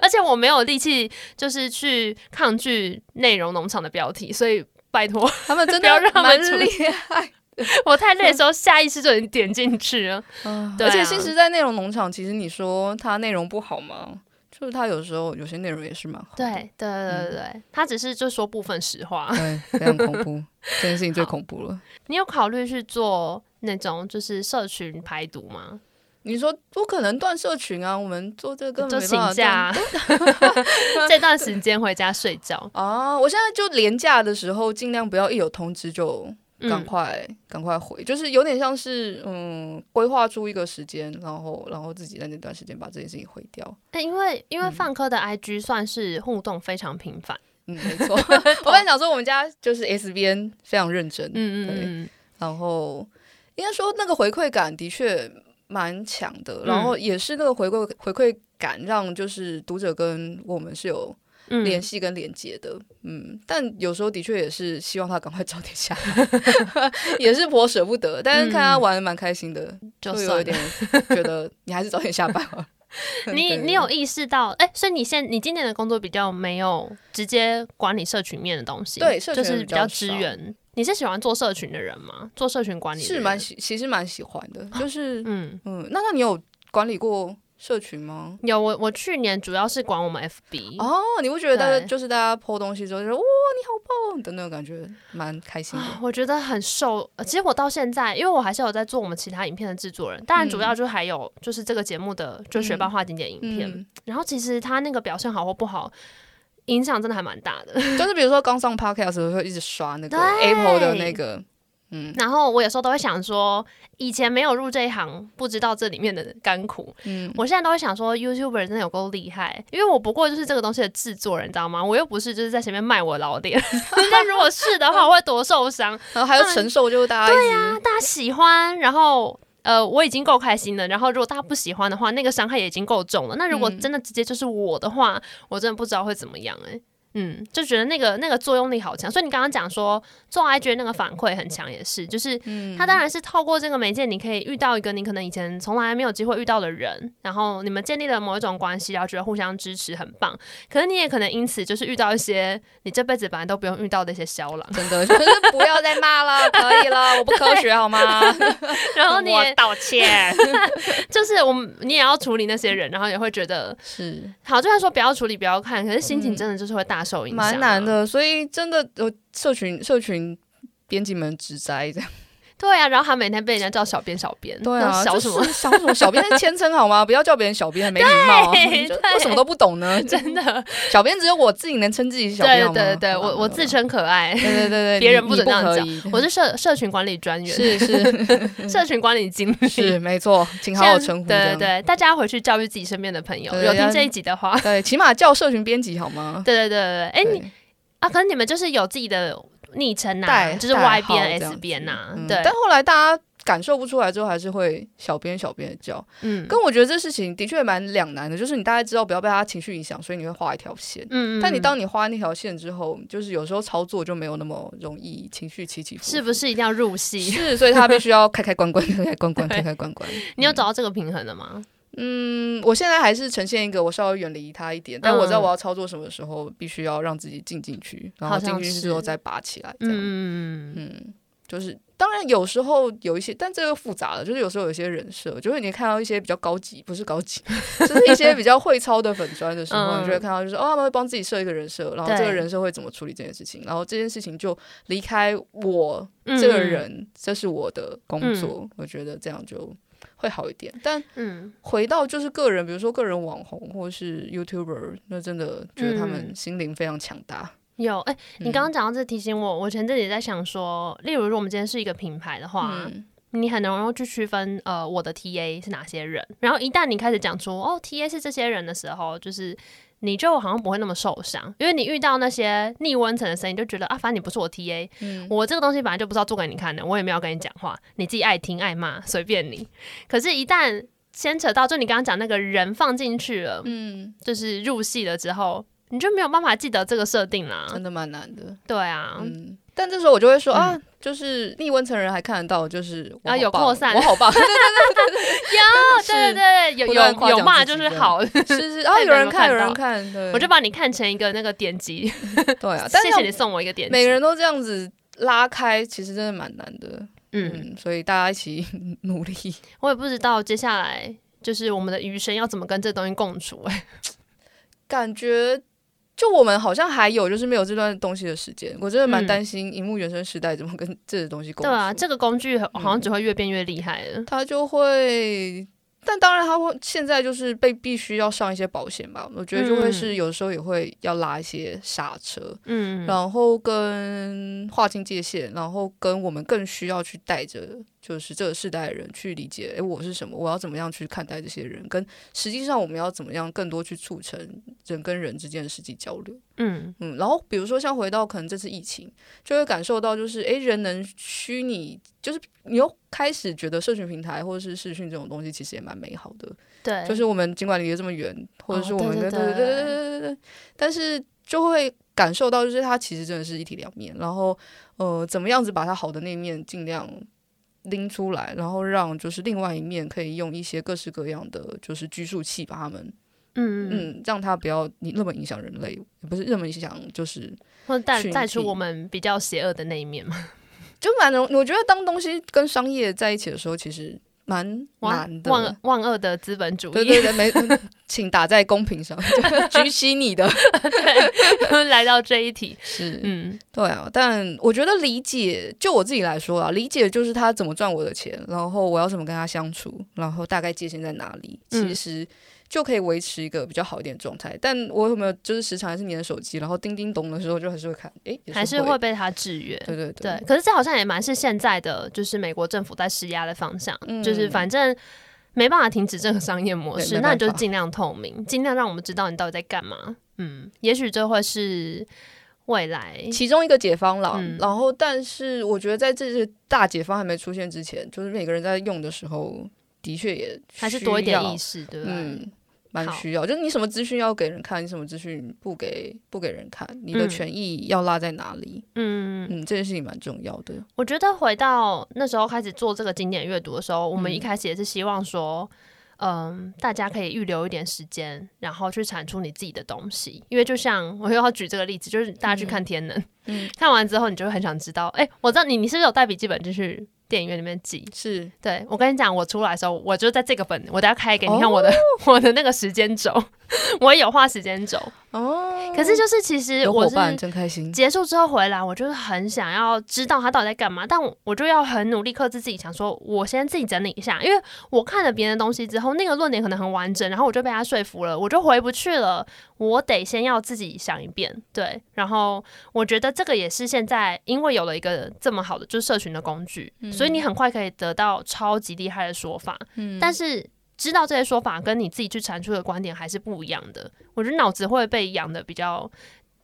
而且我沒有力氣就是去抗拒內容農場的標題，所以拜託他們真的蠻厲害。 我太累的時候，下意識就已經點進去了。啊啊、而且新時代內容農場，其實你說它內容不好嗎？就是它有時候有些內容也是蠻好的。對對對對對，嗯、它只是就說部分實話。對，非常恐怖，這件事情最恐怖了。你有考慮去做那種就是社群排毒嗎？你說不可能斷社群啊，我們做這個就請假，這段時間回家睡覺啊。我現在就連假的時候，儘量不要一有通知就。趕快，趕、嗯、快回，就是有點像是嗯，規劃出一個時間，然後，然後自己在那段時間把這件事情回掉。欸、因為因為泛科的 IG 算是互動非常頻繁，嗯，嗯，沒錯。 我本來想說，我們家就是 SBN 非常認真，嗯嗯嗯，嗯對，然後應該說那個回饋感的確蠻強的，嗯、然後也是那個回饋回饋感讓就是讀者跟我們是有。聯繫跟連接的，嗯，嗯，但有時候的確也是希望他趕快早點下班， 也是頗捨不得。但是看他玩得蠻開心的，嗯、就，就有點覺得你還是早點下班吧。 你你有意識到？哎、欸，所以你現你今年的工作比較沒有直接管理社群面的東西，對，就是比較支援。你是喜歡做社群的人嗎？做社群管理人是蠻喜，其實蠻喜歡的，就是、啊、嗯嗯，那那你有管理過？社群嗎？有，我我去年主要是管我們 FB 哦。你會覺得對就是大家潑東西之後就說，說，哇你好棒的那種感覺，蠻開心的，啊。我覺得很瘦，其實我到現在，因為我還是有在做我們其他影片的制作人，當然主要就還有就是這個節目的就是人人話經典影片，嗯嗯、然後其實他那個表現好或不好，影響真的還蠻大的，嗯。就是比如說剛上 Podcast 的時候，會一直刷那個 Apple 的那個。然後我有時候都會想說，以前沒有入這一行，不知道這裡面的甘苦。嗯，我現在都會想說，YouTuber 真的有夠厲害，因為我不過就是這個東西的制作人，你知道嗎？我又不是就是在前面賣我老臉，但 如果是的話，我會多受傷， 然後還要承受就是大家一、啊、對呀、啊，大家喜歡，然後呃，我已經夠開心了。然後如果大家不喜歡的話，那個傷害也已經夠重了。那如果真的直接就是我的話，嗯、我真的不知道會怎麼樣哎、欸。嗯，就覺得那個那個作用力好強，所以你剛剛講說做 IG 覺得那個反饋很強，也是，就是，他當然是透過這個媒介，你可以遇到一個你可能以前從來沒有機會遇到的人，然後你們建立了某一種關係，然後覺得互相支持很棒。可是你也可能因此就是遇到一些你這輩子本來都不用遇到的一些肖狼，真的，就是、不要再罵了， 可以了， 我不科學 好嗎？然後你道歉， 就是我們你也要處理那些人，然後也會覺得是好，就算說不要處理，不要看，可是心情真的就是會大事。嗯。蠻難的，啊、所以真的，有社群社群編輯們直摘的。對啊，然後他每天被人家叫小編，小編，對啊，小什麼小什麼小編，是謙稱好嗎？不要叫別人小編，沒禮貌。我什麼都不懂呢，真的。小編只有我自己能稱自己是小編。對對對，我我自稱可愛，對對對對，別人不准這樣講。我是社社群管理專員，是是，社群管理經理，是沒錯，請好好稱呼。對對，大家回去教育自己身邊的朋友，有聽這一集的話，對，起碼叫社群編輯好嗎？對對對對，哎你啊，可能你們就是有自己的。昵稱吶，啊、帶就是 Y 邊 S 邊吶、啊，嗯、對。但後來大家感受不出來之後，還是會小編小編的叫，嗯。跟我覺得這事情的確蠻兩難的，就是你大概知道不要被他情緒影響，所以你會畫一條線，嗯,嗯,嗯。但你當你畫那條線之後，就是有時候操作就沒有那麼容易，情緒起起伏,伏。是不是一定要入戲？是，所以他必須要開開關關, 開開關關，開開關關，開開關關。嗯、你有找到這個平衡的嗎？嗯，我現在還是呈現一個我稍微遠離他一點，但我知道我要操作什麼的時候，嗯、必須要讓自己進進去，然後進進去之後再拔起來這樣。嗯嗯，就是當然有時候有一些，但這個複雜的，就是有時候有一些人設，就是你看到一些比較高級，不是高級， 就是一些比較會操的粉專的時候，嗯、你就會看到就是哦，他們會幫自己設一個人設，然後這個人設會怎麼處理這件事情，對然後這件事情就離開我這個人，嗯、這是我的工作，嗯、我覺得這樣就。會好一點，但嗯，回到就是個人，嗯、比如說個人網紅或者是 YouTuber，那真的覺得他們心靈非常強大。有哎，欸嗯、你剛剛講到這個提醒我，我前陣也在想說，例如說我們今天是一個品牌的話，嗯、你很容易去區分呃我的 TA 是哪些人，然後一旦你開始講說、嗯、哦 TA 是這些人的時候，就是。你就好像不會那麼受傷，因為你遇到那些逆溫層的聲音，就覺得啊，反正你不是我 T A，嗯、我這個東西本來就不是要做給你看的，我也沒有跟你講話，你自己愛聽愛罵隨便你。可是，一旦牽扯到，就你剛剛講那個人放進去了，嗯、就是入戲了之後，你就沒有辦法記得這個設定啦、啊，真的蠻難的。對啊，嗯但這時候我就會說啊，就是逆溫層人還看得到，就是啊有擴散，我好棒，有對對對有有有罵就是好，是是，然後有人看有人看，對，我就把你看成一個那個點擊。對啊，謝謝你送我一個點擊，每個人都這樣子拉開，其實真的蠻難的，嗯，所以大家一起努力，我也不知道接下來就是我們的餘生要怎麼跟這東西共處欸，感覺。就我們好像還有就是沒有這段東西的時間，我真的蠻擔心熒幕原生時代怎麼跟這些東西溝通，嗯。對啊，這個工具好像只會越變越厲害了。他、嗯、就會，但當然他會現在就是被必須要上一些保險吧？我覺得就會是有時候也會要拉一些剎車，嗯，然後跟劃清界限，然後跟我們更需要去帶着。就是這個世代的人去理解，哎，我是什麼？我要怎麼樣去看待這些人？跟實際上，我們要怎麼樣更多去促成人跟人之間的實際交流？嗯嗯。然後，比如說像回到可能這次疫情，就會感受到就是，哎，人能虛擬，就是你又開始覺得社群平台或者是視訊這種東西其實也蠻美好的。對。就是我們儘管離得這麼遠，或者是我們跟對對對對對，但是就會感受到，就是它其實真的是一體兩面。然後，呃，怎麼樣子把它好的那一面盡量。拎出來，然後讓就是另外一面可以用一些各式各樣的就是拘束器把他們，嗯嗯，讓他、嗯、不要那麼影響人類，不是那麼影響，就是或者帶帶出我們比較邪惡的那一面嘛。 就反正我覺得當東西跟商業在一起的時候，其實。蠻難的，的萬，萬萬惡的資本主義。對對對，沒、嗯，請打在公屏上，舉起 你的， 來到這一題是、嗯、對啊，但我覺得理解，就我自己來說啊，理解就是他怎麼賺我的錢，然後我要怎麼跟他相處，然後大概界限在哪裡，其實。嗯就可以維持一個比較好一點狀態，但我有沒有就是時常還是黏手機，然後叮叮咚的時候就還是會看，誒、欸，是還是會被它制約。對對對，對，可是這好像也蠻是現在的，就是美國政府在施壓的方向，嗯、就是反正沒辦法停止這個商業模式，那你就儘量透明，儘量讓我們知道你到底在幹嘛。嗯，也許這會是未來其中一個解方啦，嗯、然後但是我覺得在這次大解方還沒出現之前，就是每個人在用的時候。的確也還是多一點意識，對吧？嗯，蠻需要。好就是你什麼資訊要給人看，你什麼資訊不給不給人看，你的權益要落在哪裡？嗯嗯，這件事情蠻重要的。我覺得回到那時候開始做這個經典閱讀的時候，我們一開始也是希望說，嗯、呃，大家可以預留一點時間，然後去產出你自己的東西。因為就像我又要舉這個例子，就是大家去看《天能》，嗯， 看完之後你就很想知道，哎、欸，我知道你，你是不是有帶筆記本進去？電影院裡面擠，是對。我跟你講，我出來的時候，我就在這個本，我等下開給你看我的，oh，我的那個時間軸。 我也有花時間走哦，可是就是其實我真開心。結束之後回來，我就是很想要知道他到底在幹嘛，但我就要很努力克制自己，想說我先自己整理一下，因為我看了別人的東西之後，那個論點可能很完整，然後我就被他說服了，我就回不去了，我得先要自己想一遍。對，然後我覺得這個也是現在因為有了一個這麼好的就是社群的工具，所以你很快可以得到超級厲害的說法。嗯，但是。知道這些說法，跟你自己去闡述的觀點還是不一樣的。我覺得腦子會被養的比較。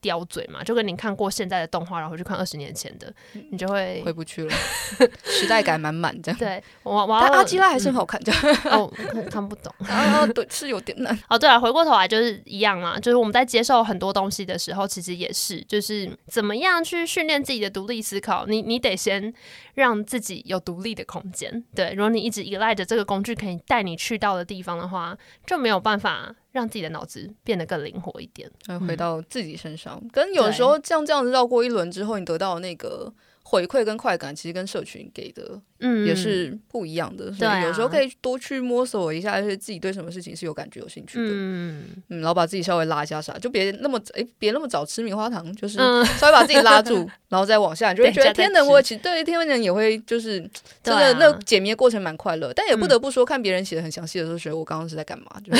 刁嘴嘛，就跟你看過現在的動畫，然後回去看二十年前的，你就會回不去了。 時代感滿滿，這樣對。我我但阿基拉還是很好看，嗯、這樣哦看不懂。哦、啊啊啊、對，是有點難。哦， 對啊，回過頭來就是一樣嘛，就是我們在接受很多東西的時候，其實也是，就是怎麼樣去訓練自己的獨立思考。你你得先讓自己有獨立的空間。對，如果你一直依賴着這個工具可以帶你去到的地方的話，就沒有辦法。讓自己的腦子變得更靈活一點，再回到自己身上。嗯、跟有時候像這樣繞過一輪之後，你得到那個。回饋跟快感其實跟社群給的，也是不一樣的。對，有時候可以多去摸索一下，而且自己對什麼事情是有感覺、有興趣的。嗯，然後把自己稍微拉一下，啥就別那麼哎，別那麼早吃棉花糖，就是稍微把自己拉住，然後再往下，就覺得天我其實對，天文人也會就是真的那解謎過程蠻快樂，但也不得不說，看別人寫的很詳細的時候，覺得我剛剛是在幹嘛？就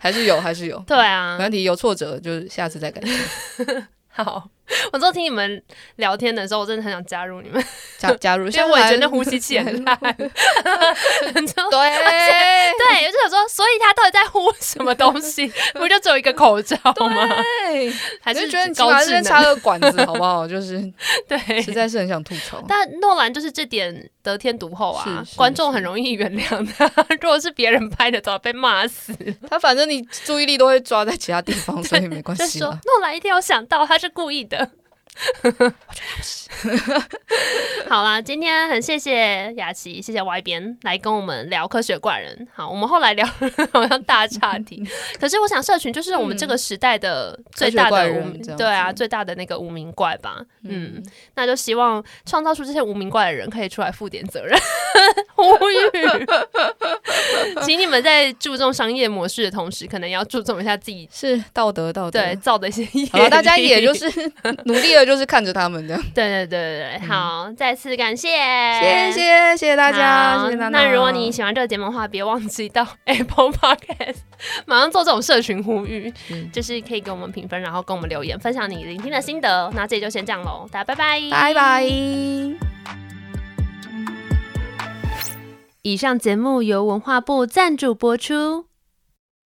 還是有，還是有。對啊，沒問題，有挫折就是下次再改。好。我之後聽你們聊天的時候，我真的很想加入你們加加入，因為我也覺得呼吸器很爛。對對，就想說，所以他到底在呼什麼東西？不就只有一個口罩嗎？對，還是覺得你高智能插個管子好不好？就是對，實在是很想吐槽。但諾蘭就是這點得天獨厚啊，觀眾很容易原諒他。如果是別人拍的，都要被罵死。他反正你注意力都會抓在其他地方，所以沒關係。就說諾蘭一定有想到，他是故意的。好啦，今天很謝謝雅琪，謝謝 Y 編來跟我們聊科學怪人。好，我們後來聊好像大岔題。 可是我想，社群，就是我們這個時代的最大的無名對啊，最大的那個無名怪吧。嗯，嗯，那就希望創造出這些無名怪的人可以出來負點責任。 無語， 請你們在注重商業模式的同時，可能要注重一下自己是道德道德對造的一些意義。好大家也就是 努力。就是看着他們這樣，對對對對對，嗯、好，再次感謝，謝謝謝謝大家。那如果你喜歡這個節目的話，別好忘記到 Apple Podcast 馬上做這種社群呼籲，是就是可以給我們評分，然後跟我們留言，是分享你聆聽的心得。那這裡就先這樣嘍，大家拜拜，拜拜 bye。以上節目由文化部贊助播出。